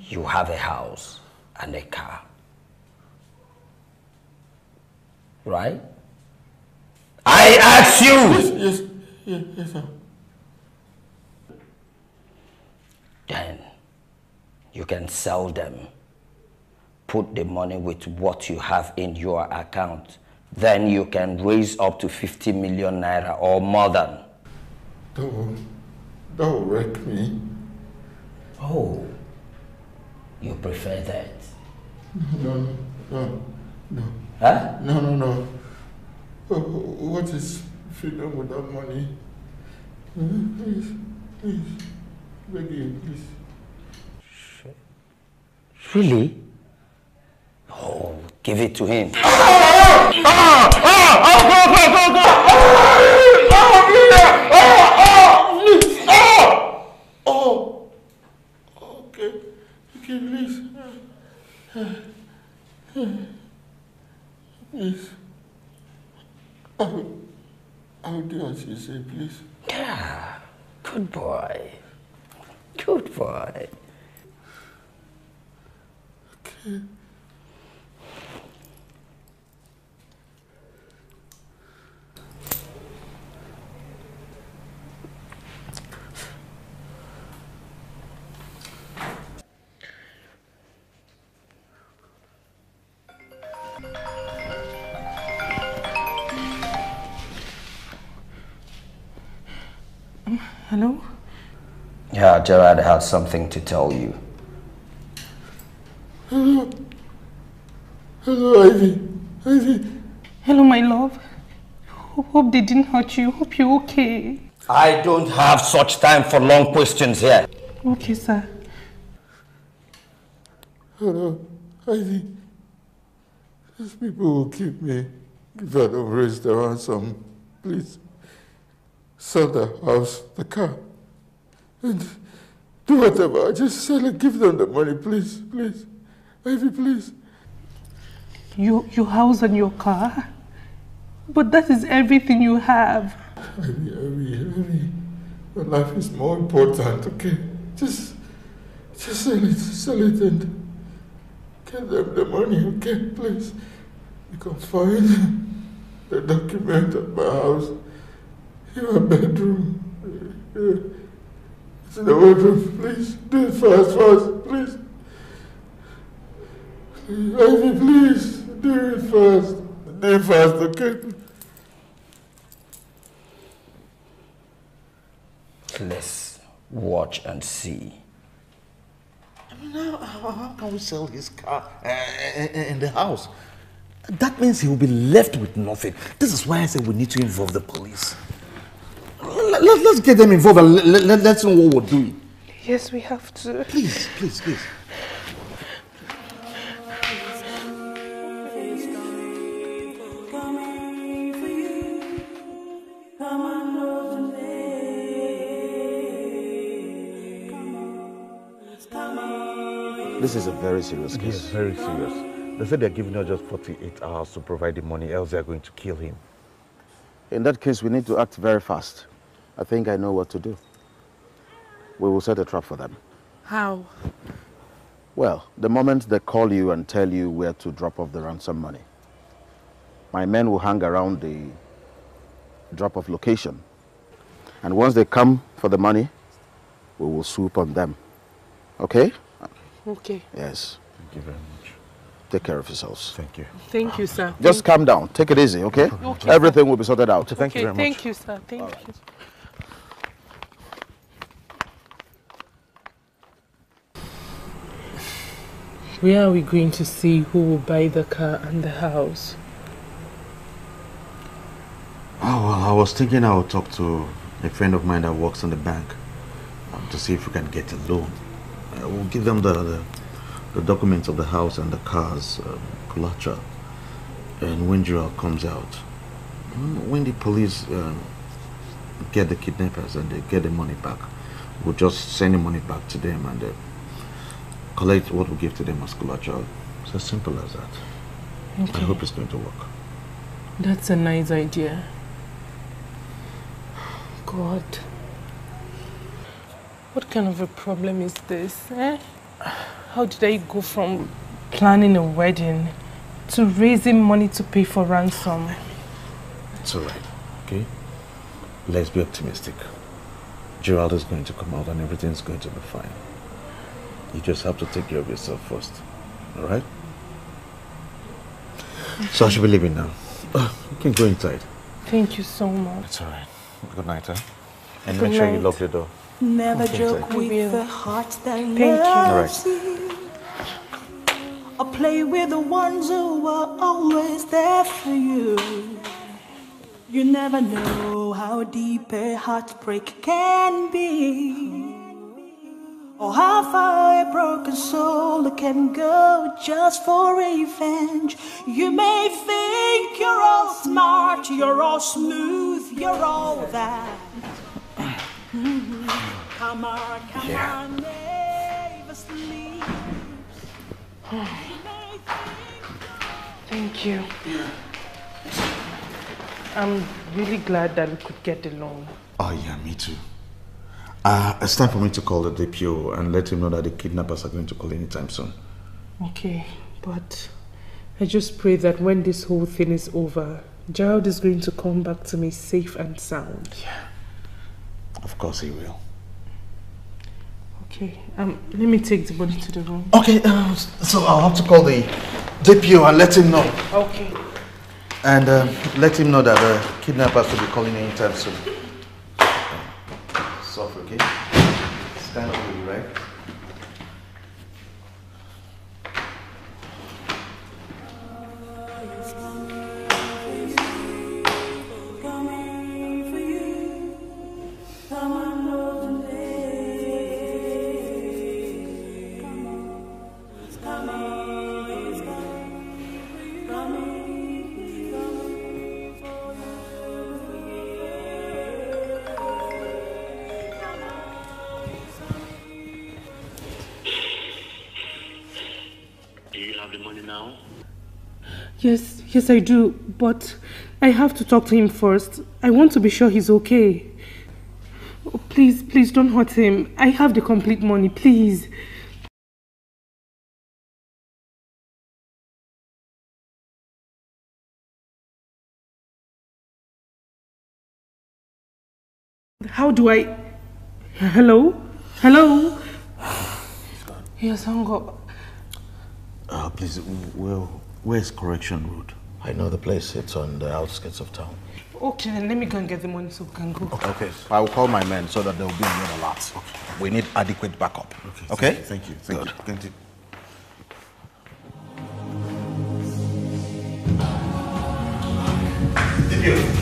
You have a house and a car. Right? I ask you! Yes, yes, yes, yes sir. Then you can sell them put the money with what you have in your account. Then you can raise up to 50 million naira or more than. Don't, that will wreck me. Oh, you prefer that? No, no, no. Huh? No, no, no. What is freedom without money? Please, please, beg you, please. Really? Oh, give it to him. Oh, oh, okay, please. I'll, do as you say, please. good boy. Good boy. Okay. Gerard has something to tell you. Hello. Hello, Ivy. Ivy. Hello, my love. Hope they didn't hurt you. Hope you're okay. I don't have such time for long questions here. Okay, sir. Hello, Ivy. These people will keep me. If I don't raise the ransom, please sell the house, the car and do whatever. I just said, like, give them the money, please, please. Ivy, please. Your your house and your car? But that is everything you have. Ivy, Ivy, Ivy. Your life is more important, okay? Just, just sell it, sell it and give them the money, okay? Please. You can find the document at my house, in my bedroom. Stay away please. Do it fast, fast, please. Ivy, please. Do it fast. Do it fast, okay? Let's watch and see. I mean, how, how can we sell his car and uh, uh, the house? That means he will be left with nothing. This is why I say we need to involve the police. Let, let, let's get them involved and let, let, let's know what we're doing. Yes, we have to. Please, please, please. This is a very serious case. Yes, very serious. They said they're giving us just 48 hours to provide the money, else they're going to kill him. In that case, we need to act very fast. I think I know what to do. We will set a trap for them. How? Well, the moment they call you and tell you where to drop off the ransom money, my men will hang around the drop-off location. And once they come for the money, we will swoop on them. Okay? Okay. Yes. Thank you very much. Take care of yourselves. Thank you. Thank you, sir. Just Thank calm down. Take it easy, okay? okay Everything will be sorted out. Thank okay, you very much. Thank you, sir. Thank you. Where are we going to see who will buy the car and the house? Oh, well, I was thinking I would talk to a friend of mine that works in the bank um, to see if we can get a loan. Uh, we'll give them the, the, the, documents of the house and the car's um, collateral. And when Joel comes out, mm, when the police um, get the kidnappers and they get the money back, we'll just send the money back to them and uh, collect what we give to them as child. It's as simple as that. Okay. I hope it's going to work. That's a nice idea. God. What kind of a problem is this, eh? How did I go from planning a wedding to raising money to pay for ransom? It's alright, okay? Let's be optimistic. Gerald is going to come out and everything's going to be fine. You just have to take care of yourself first. All right? So I should be leaving now. Oh, you can go inside. Thank you so much. It's all right. Good night, huh? And Good make night. sure you lock the door. Never okay, joke inside. with the heart that Thank you. All right. I play with the ones who are always there for you. You never know how deep a heartbreak can be. Oh, how far a broken soul can go just for revenge. You may think you're all smart, you're all smooth, you're all that. Come on, come yeah. on, never sleep. Thank you. I'm really glad that we could get along. Oh, yeah, me too. Uh, it's time for me to call the DPO and let him know that the kidnappers are going to call anytime soon. Okay, but I just pray that when this whole thing is over, Gerald is going to come back to me safe and sound. Yeah, of course he will. Okay, um, let me take the body to the room. Okay, uh, so I'll have to call the DPO and let him know. Okay. And um, let him know that the uh, kidnappers will be calling anytime soon. Yes, yes, I do, but I have to talk to him first. I want to be sure he's okay. Oh, please, please don't hurt him. I have the complete money, please. How do I... Hello? Hello? He's hung up. Uh, please, well, Where's Correction Road? I know the place. It's on the outskirts of town. Okay, then let me go and get the money so we can go. Okay, okay. I will call my men so that there will be another alert. Okay. We need adequate backup. Okay? okay? Thank you. Thank you. Thank you. Thank you.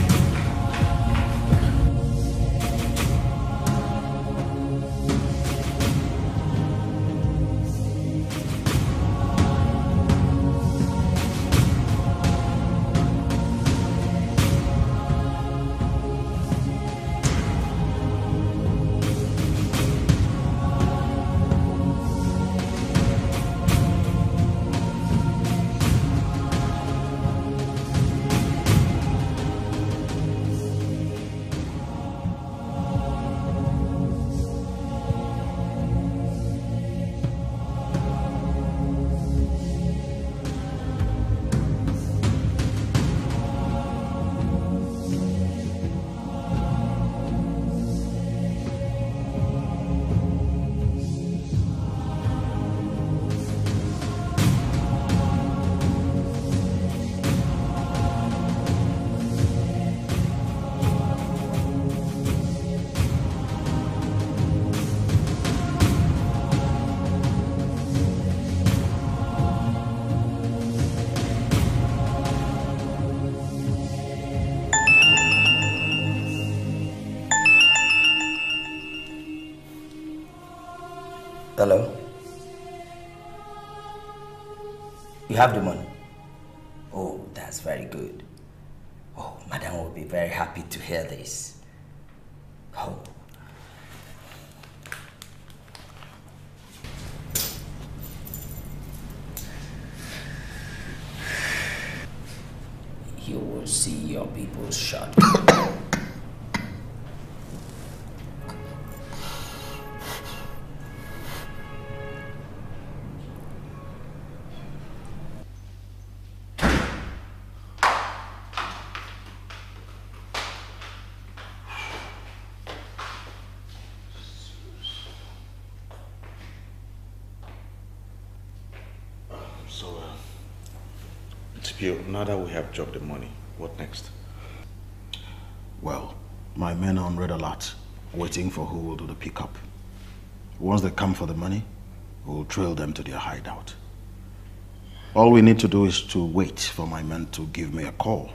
now that we have dropped the money, what next? Well, my men are on red alert, waiting for who will do the pickup. Once they come for the money, we'll trail them to their hideout. All we need to do is to wait for my men to give me a call.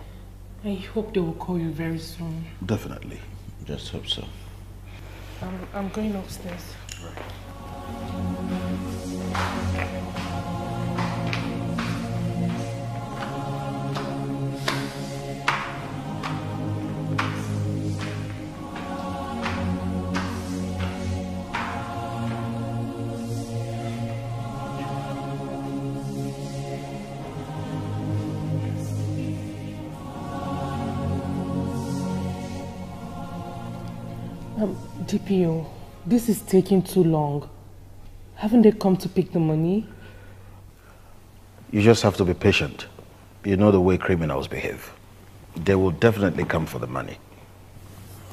I hope they will call you very soon. Definitely. Just hope so. I'm, I'm going upstairs. Pio, this is taking too long. Haven't they come to pick the money? You just have to be patient. You know the way criminals behave. They will definitely come for the money.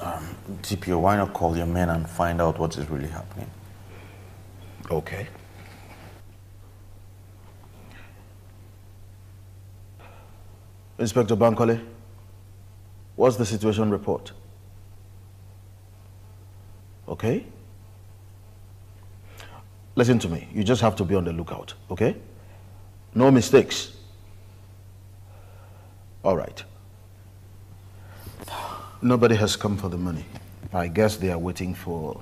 Um, DPO, why not call your men and find out what is really happening? Okay. Inspector Bankole, what's the situation report? okay? Listen to me. You just have to be on the lookout, okay? No mistakes. All right. Nobody has come for the money. I guess they are waiting for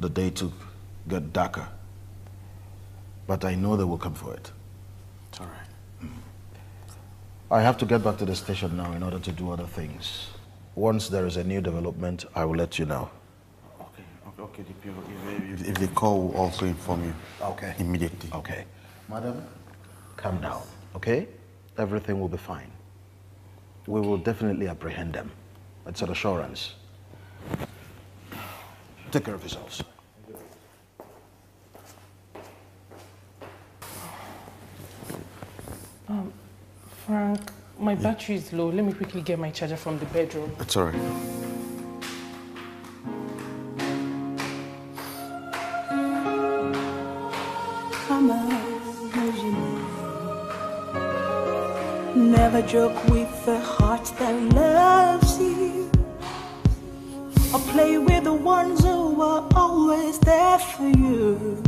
the day to get darker. But I know they will come for it. It's all right. Mm. I have to get back to the station now in order to do other things. Once there is a new development, I will let you know. Okay, if, if, if they call, we'll also inform you. Okay. Immediately. Okay. Madam, calm down, okay? Everything will be fine. We will definitely apprehend them. That's an assurance. Take care of yourselves. Um, Frank, my yeah. battery is low. Let me quickly get my charger from the bedroom. It's all right. joke with a heart that loves you. I play with the ones who are always there for you.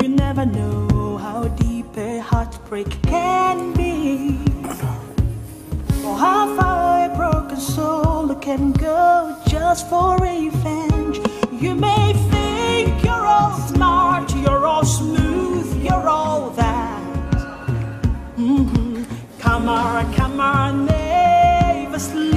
You never know how deep a heartbreak can be, or how far a broken soul can go just for revenge. You may think you're all smart, you're all smooth, you're all that. Mm -hmm camera, camera, never sleep.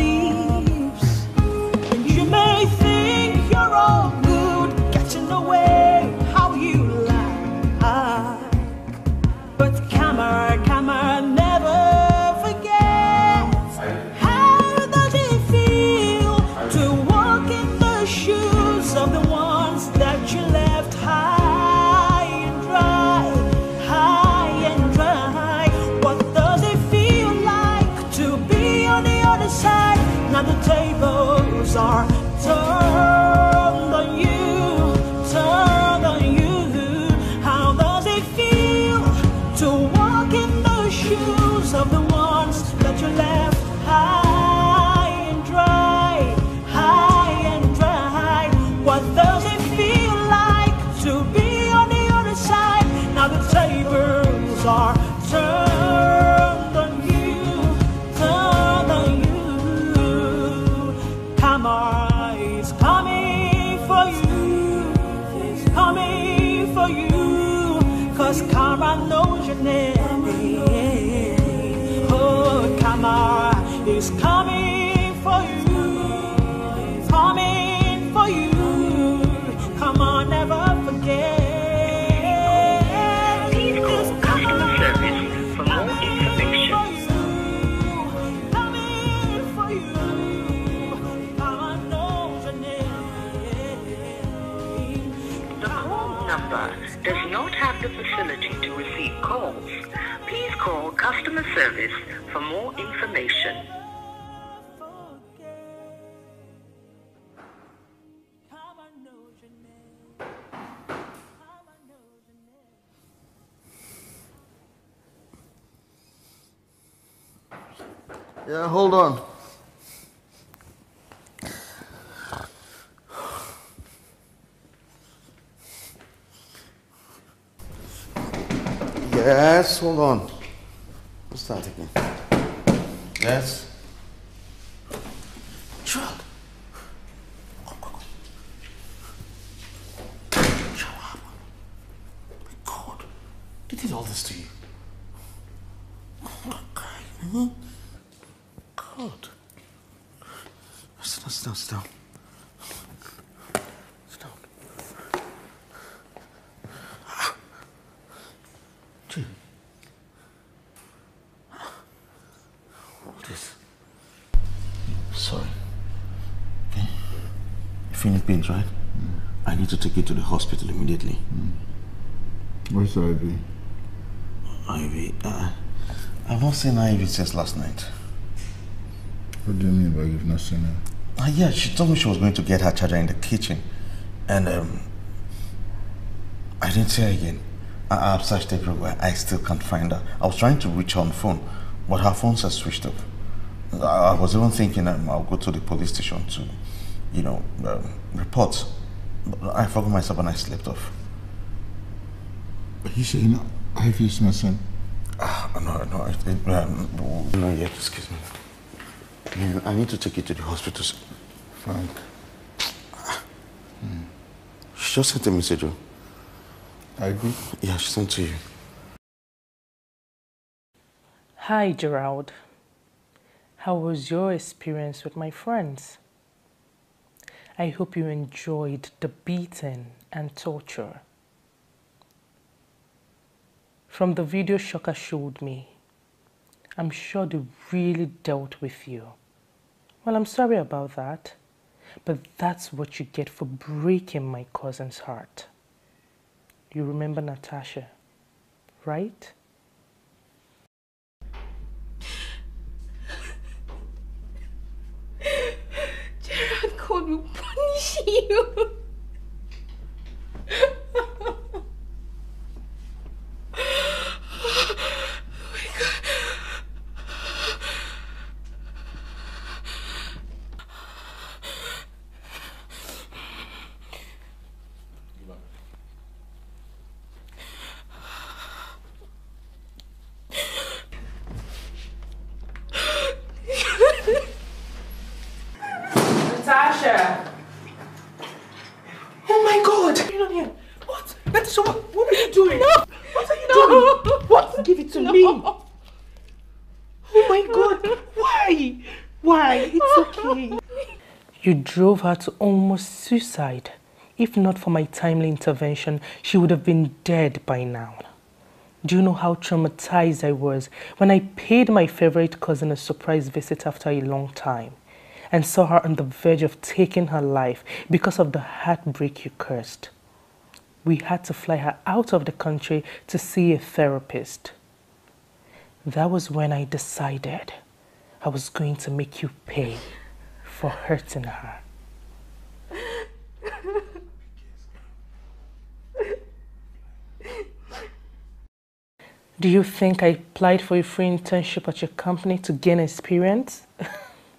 service for more information. Yeah, hold on. Yes, hold on start again. Yes. Truck. Show up. God, Who did all this to you? God. God. Stop, stop, stop. sorry. Okay. You're feeling pains, right? Mm. I need to take you to the hospital immediately. Mm. Where's Ivy? Ivy? Uh, I've not seen Ivy since last night. What do you mean by you've not seen her? Uh, yeah, she told me she was going to get her charger in the kitchen. And um, I didn't see her again. I, I've searched everywhere. I still can't find her. I was trying to reach her on phone, but her phone has switched off. I, was even thinking um, I'll go to the police station to, you know, um, report. But I forgot myself and I slept off. Are you saying know, I've used my son? Ah, no, no, I, it, um, no, yet, excuse me. I need to take you to the hospital. Frank. Hmm. She just sent a message. Oh. I agree. Yeah, she sent to you. Hi, Gerald. How was your experience with my friends? I hope you enjoyed the beating and torture. From the video Shaka showed me, I'm sure they really dealt with you. Well, I'm sorry about that, but that's what you get for breaking my cousin's heart. You remember Natasha, right? you drove her to almost suicide. If not for my timely intervention, she would have been dead by now. Do you know how traumatized I was when I paid my favorite cousin a surprise visit after a long time and saw her on the verge of taking her life because of the heartbreak you cursed? We had to fly her out of the country to see a therapist. That was when I decided I was going to make you pay for hurting her. Do you think I applied for a free internship at your company to gain experience?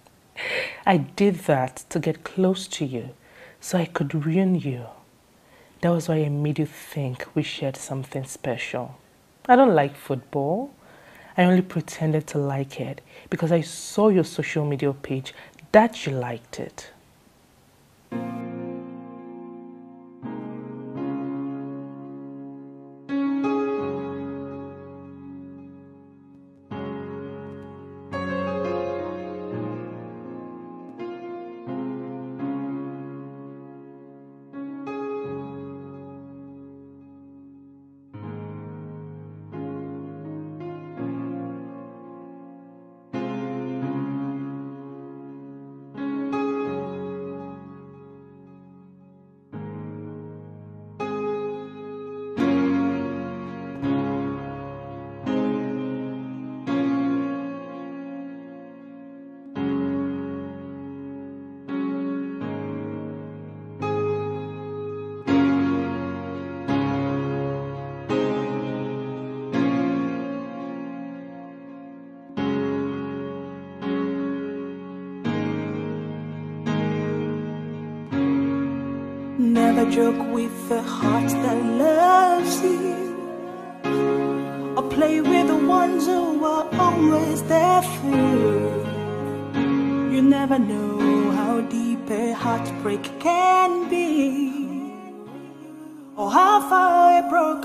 I did that to get close to you so I could ruin you. That was why I made you think we shared something special. I don't like football. I only pretended to like it because I saw your social media page that you liked it.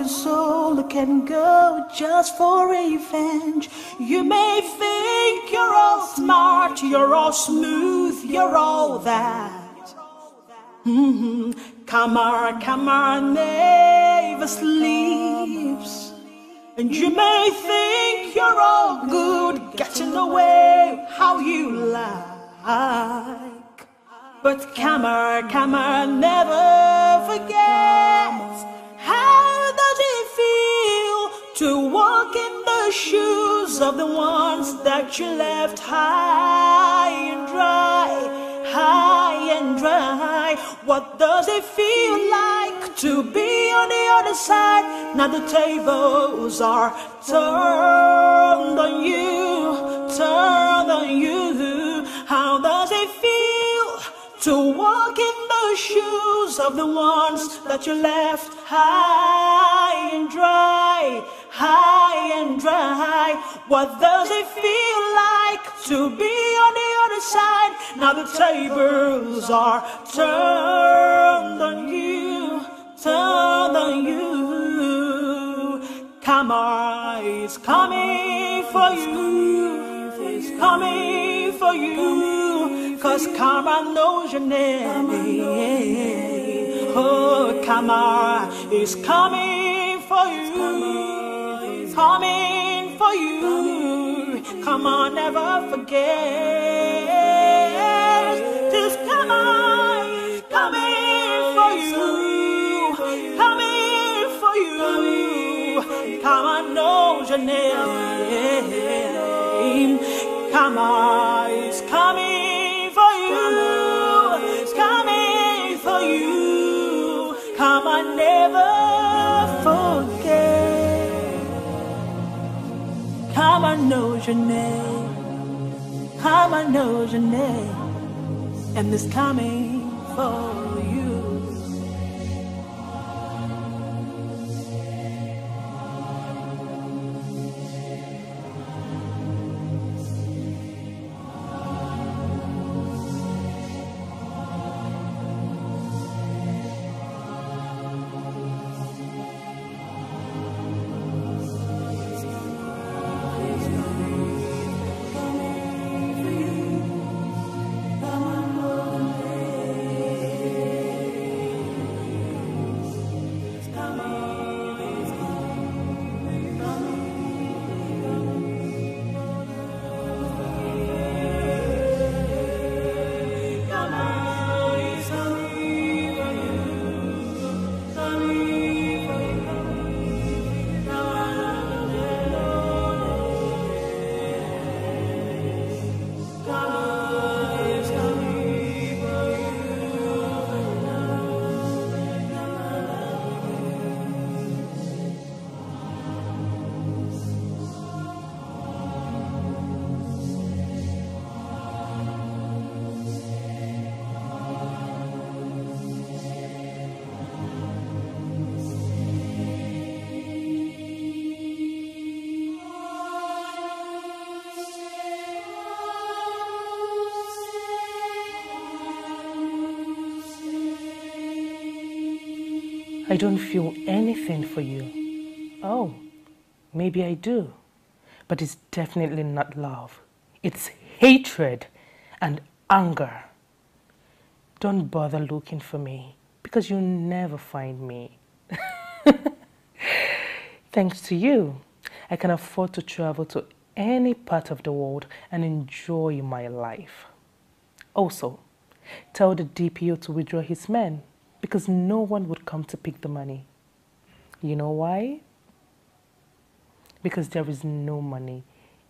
broken soul can go just for revenge. You may think you're all smart, you're all smooth, you're all that. Mm-hmm. Come on, come on, never sleeps. And you may think you're all good, getting away how you like. But come on, come on, never forget. shoes of the ones that you left high and dry, high and dry. What does it feel like to be on the other side? Now the tables are turned on you, turned on you. How does it feel to walk in? the shoes of the ones that you left high and dry, high and dry. What does it feel like to be on the other side? Now the tables are turned on you, turned on you. Karma is coming for you, is coming for you. Cause Karma knows your name. Oh, Karma is coming for you. Coming for you. Karma never forgets. This Karma is coming for you. Coming for you. Karma knows your name. Karma is coming. never forget. Karma knows your name. Karma knows your name. And this coming for I don't feel anything for you. Oh, maybe I do. But it's definitely not love. It's hatred and anger. Don't bother looking for me because you'll never find me. Thanks to you, I can afford to travel to any part of the world and enjoy my life. Also, tell the DPO to withdraw his men because no one would come to pick the money. You know why? Because there is no money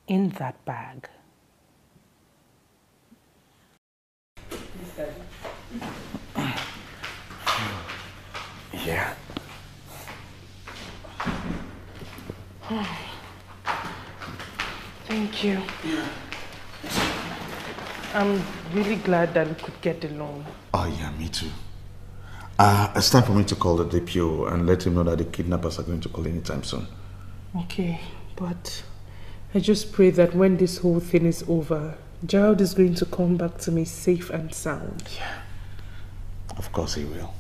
in that bag. Yeah. Thank you. I'm really glad that we could get along. Oh yeah, me too. Uh, it's time for me to call the DPO and let him know that the kidnappers are going to call anytime soon. Okay, but I just pray that when this whole thing is over, Gerald is going to come back to me safe and sound. Yeah, of course he will.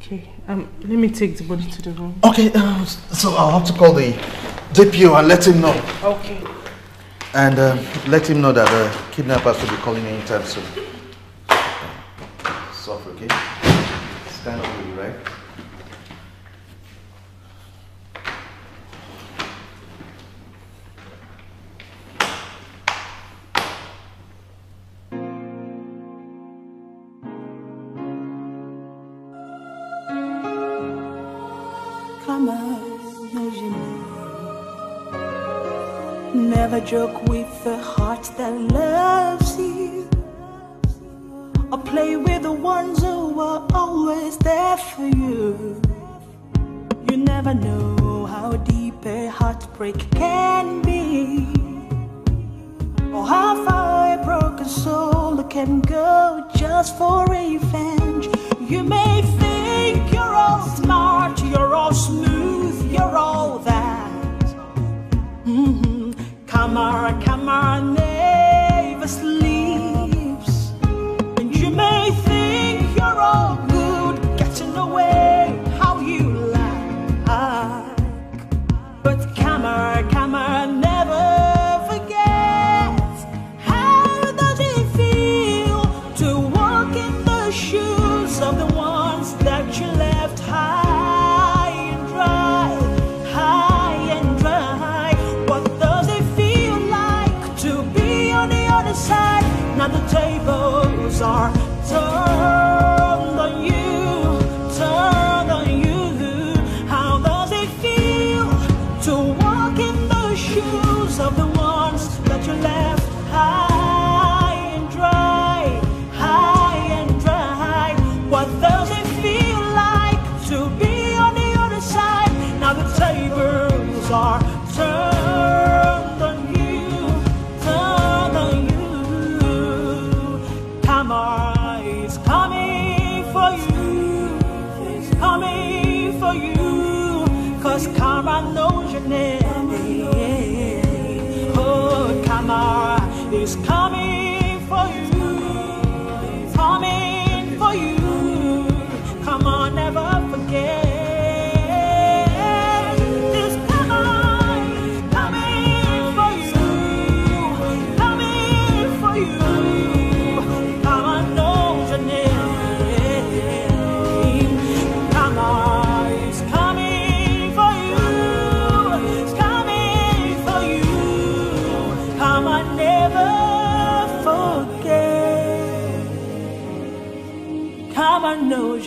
Okay, um, let me take the body to the room. Okay, um, so I'll have to call the DPO and let him know. Okay. And um, let him know that the kidnappers will be calling anytime soon. joke with a heart that loves you Or play with the ones who are always there for you You never know how deep a heartbreak can be Or how far a broken soul can go just for revenge You may think you're all smart, you're all smooth, you're all that mm -hmm camera, camera,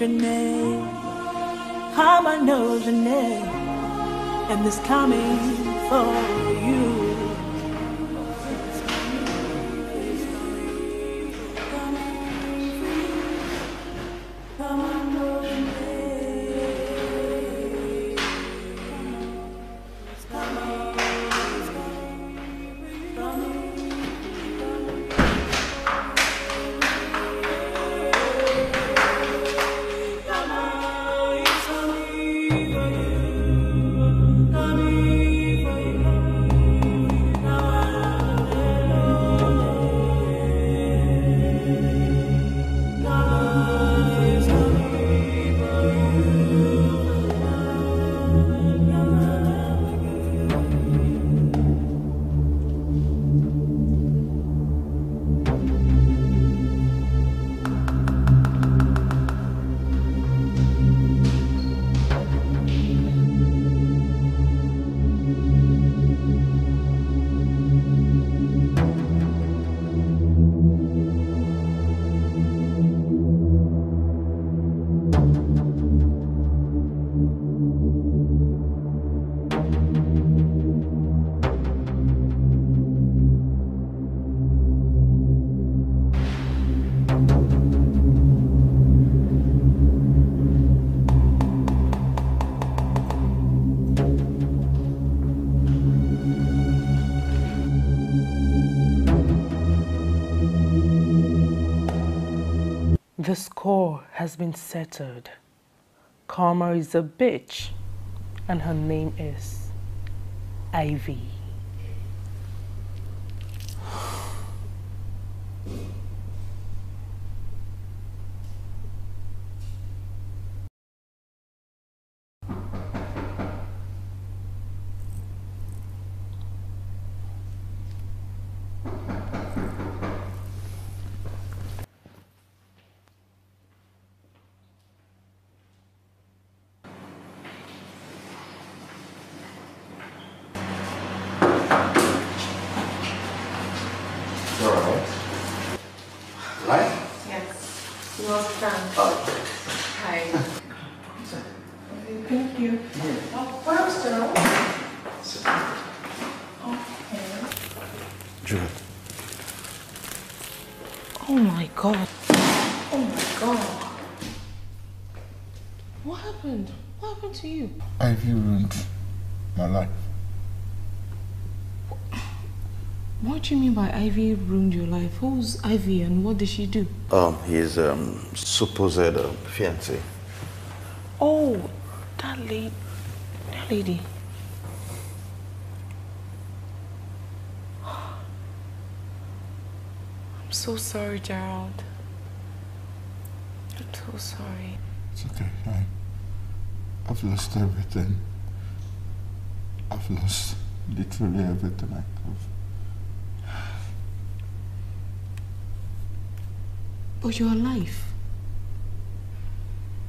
your name. How I know your name. And this coming for? The score has been settled. Karma is a bitch, and her name is Ivy. What do you mean by Ivy ruined your life? Who's Ivy and what did she do? Um, his um, supposed uh, fiancé. Oh, that lady. That lady. I'm so sorry, Gerald. I'm so sorry. It's okay. I, I've lost everything. I've lost literally everything I have. But you're alive.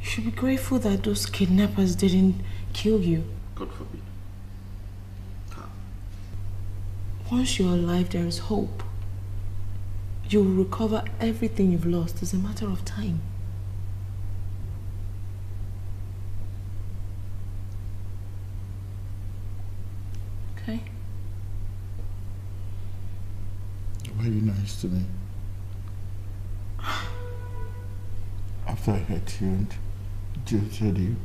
You should be grateful that those kidnappers didn't kill you. God forbid. Ah. Once you're alive, there is hope. You will recover everything you've lost. It's a matter of time. Okay? Why are you nice to me? After I hurt you and jilted you,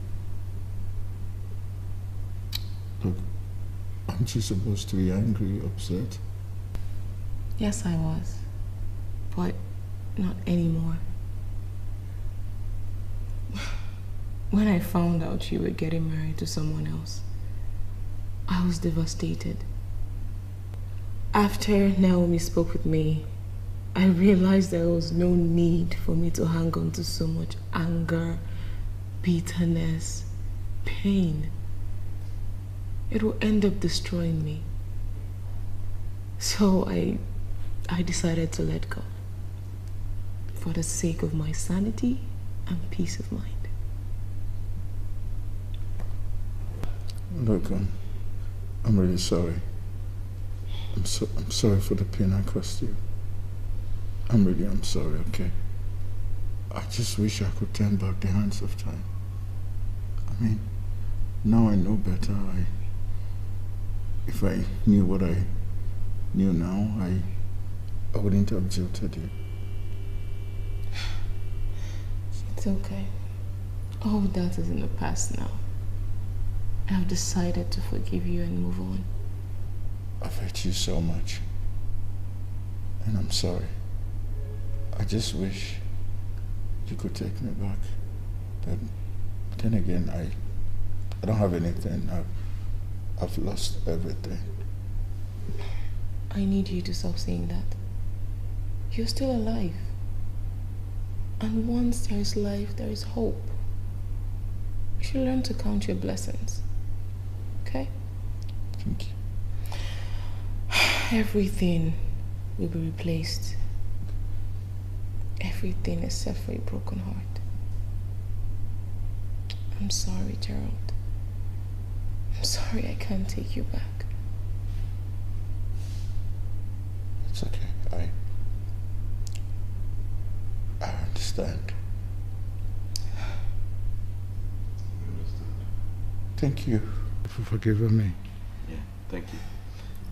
look, aren't you supposed to be angry, upset? Yes, I was. But not anymore. When I found out you were getting married to someone else, I was devastated. After Naomi spoke with me I realized there was no need for me to hang on to so much anger, bitterness, pain. It will end up destroying me. So I, I decided to let go for the sake of my sanity and peace of mind. Look, I'm, um, I'm really sorry. I'm, so, I'm sorry for the pain I caused you. I'm really, I'm sorry, okay? I just wish I could turn back the hands of time. I mean, now I know better. I, if I knew what I knew now, I, I wouldn't have jilted you. It's okay. All that is in the past now. I have decided to forgive you and move on. I've hurt you so much. And I'm sorry. I just wish you could take me back. But then again, I, I don't have anything. I've, I've lost everything. I need you to stop saying that. You're still alive. And once there is life, there is hope. You should learn to count your blessings. Okay? Thank you. Everything will be replaced everything except for a broken heart. I'm sorry, Gerald. I'm sorry I can't take you back. It's okay. I. I understand. Thank you for forgiving me. Yeah, thank you.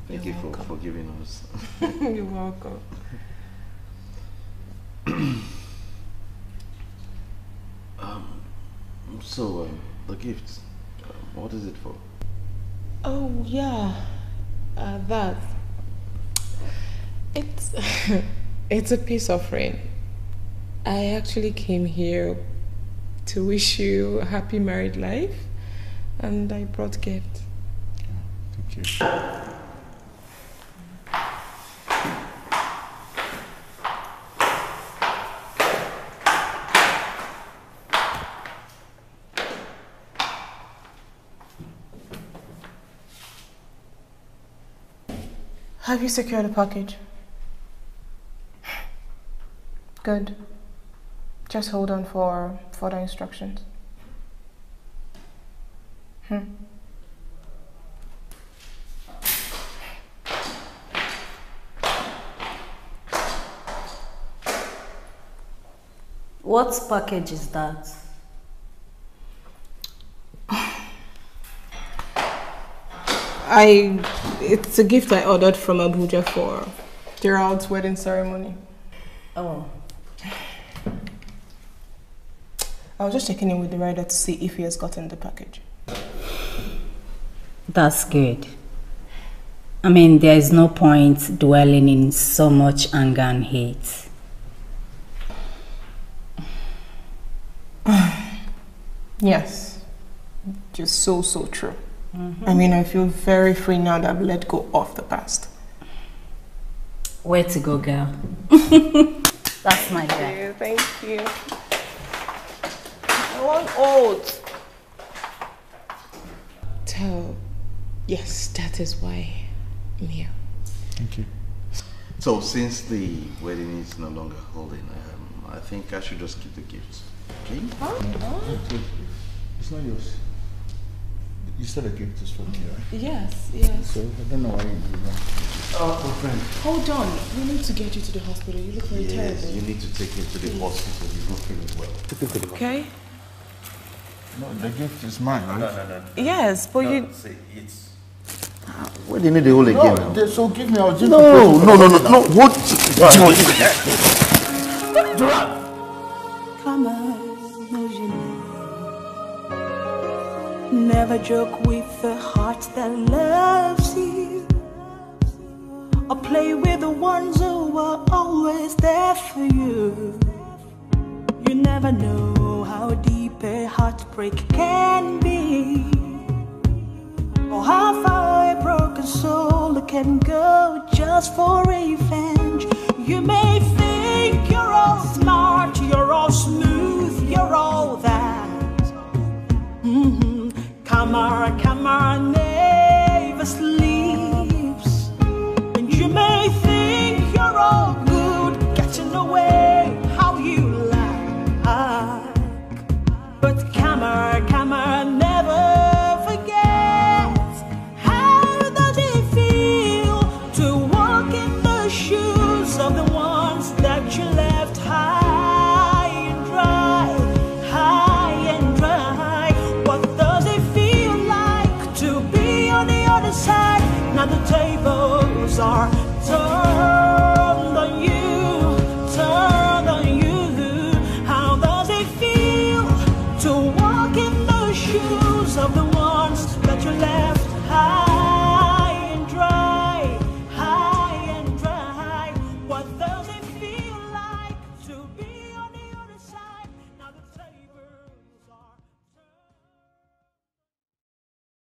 Thank You're you welcome. for forgiving us. You're welcome. So, um, the gift, uh, what is it for? Oh, yeah, uh, that. It's, it's a peace offering. I actually came here to wish you a happy married life, and I brought gift. Yeah, thank you. Have you secured a package? Good. Just hold on for further instructions. Hmm. What package is that? I it's a gift I ordered from Abuja for Gerald's wedding ceremony. Oh. I was just checking in with the rider to see if he has gotten the package. That's good. I mean, there is no point dwelling in so much anger and hate. yes. Just so, so true. Mm -hmm. I mean, I feel very free now that I've let go of the past. Where to go, girl? That's my thank You, thank you. I want old. So, yes, that is why I'm here. Thank you. So, since the wedding is no longer holding, um, I think I should just keep the gifts. Okay? Huh? It's not yours. You said a gift is for me, right? Yes, yes. So I don't know why you that. Oh, my friend. Hold on. We need to get you to the hospital. You look very yes, terrible. Yes, you need to take him to the hospital. He's not feeling well. Take him to the hospital. Okay. No, the gift is mine, right? No, no, no. no. Yes, but no, you... See, it's... Why do you need the whole again no, So give me, our gift. no, no, no, no, no, What? what? Duran! never joke with a heart that loves you Or play with the ones who are always there for you You never know how deep a heartbreak can be Or how far a broken soul can go just for revenge You may think you're all smart, you're all smooth, you're all that mm -hmm camera, camera never sleeps. And you may think you're all good, getting away how you like. But camera, camera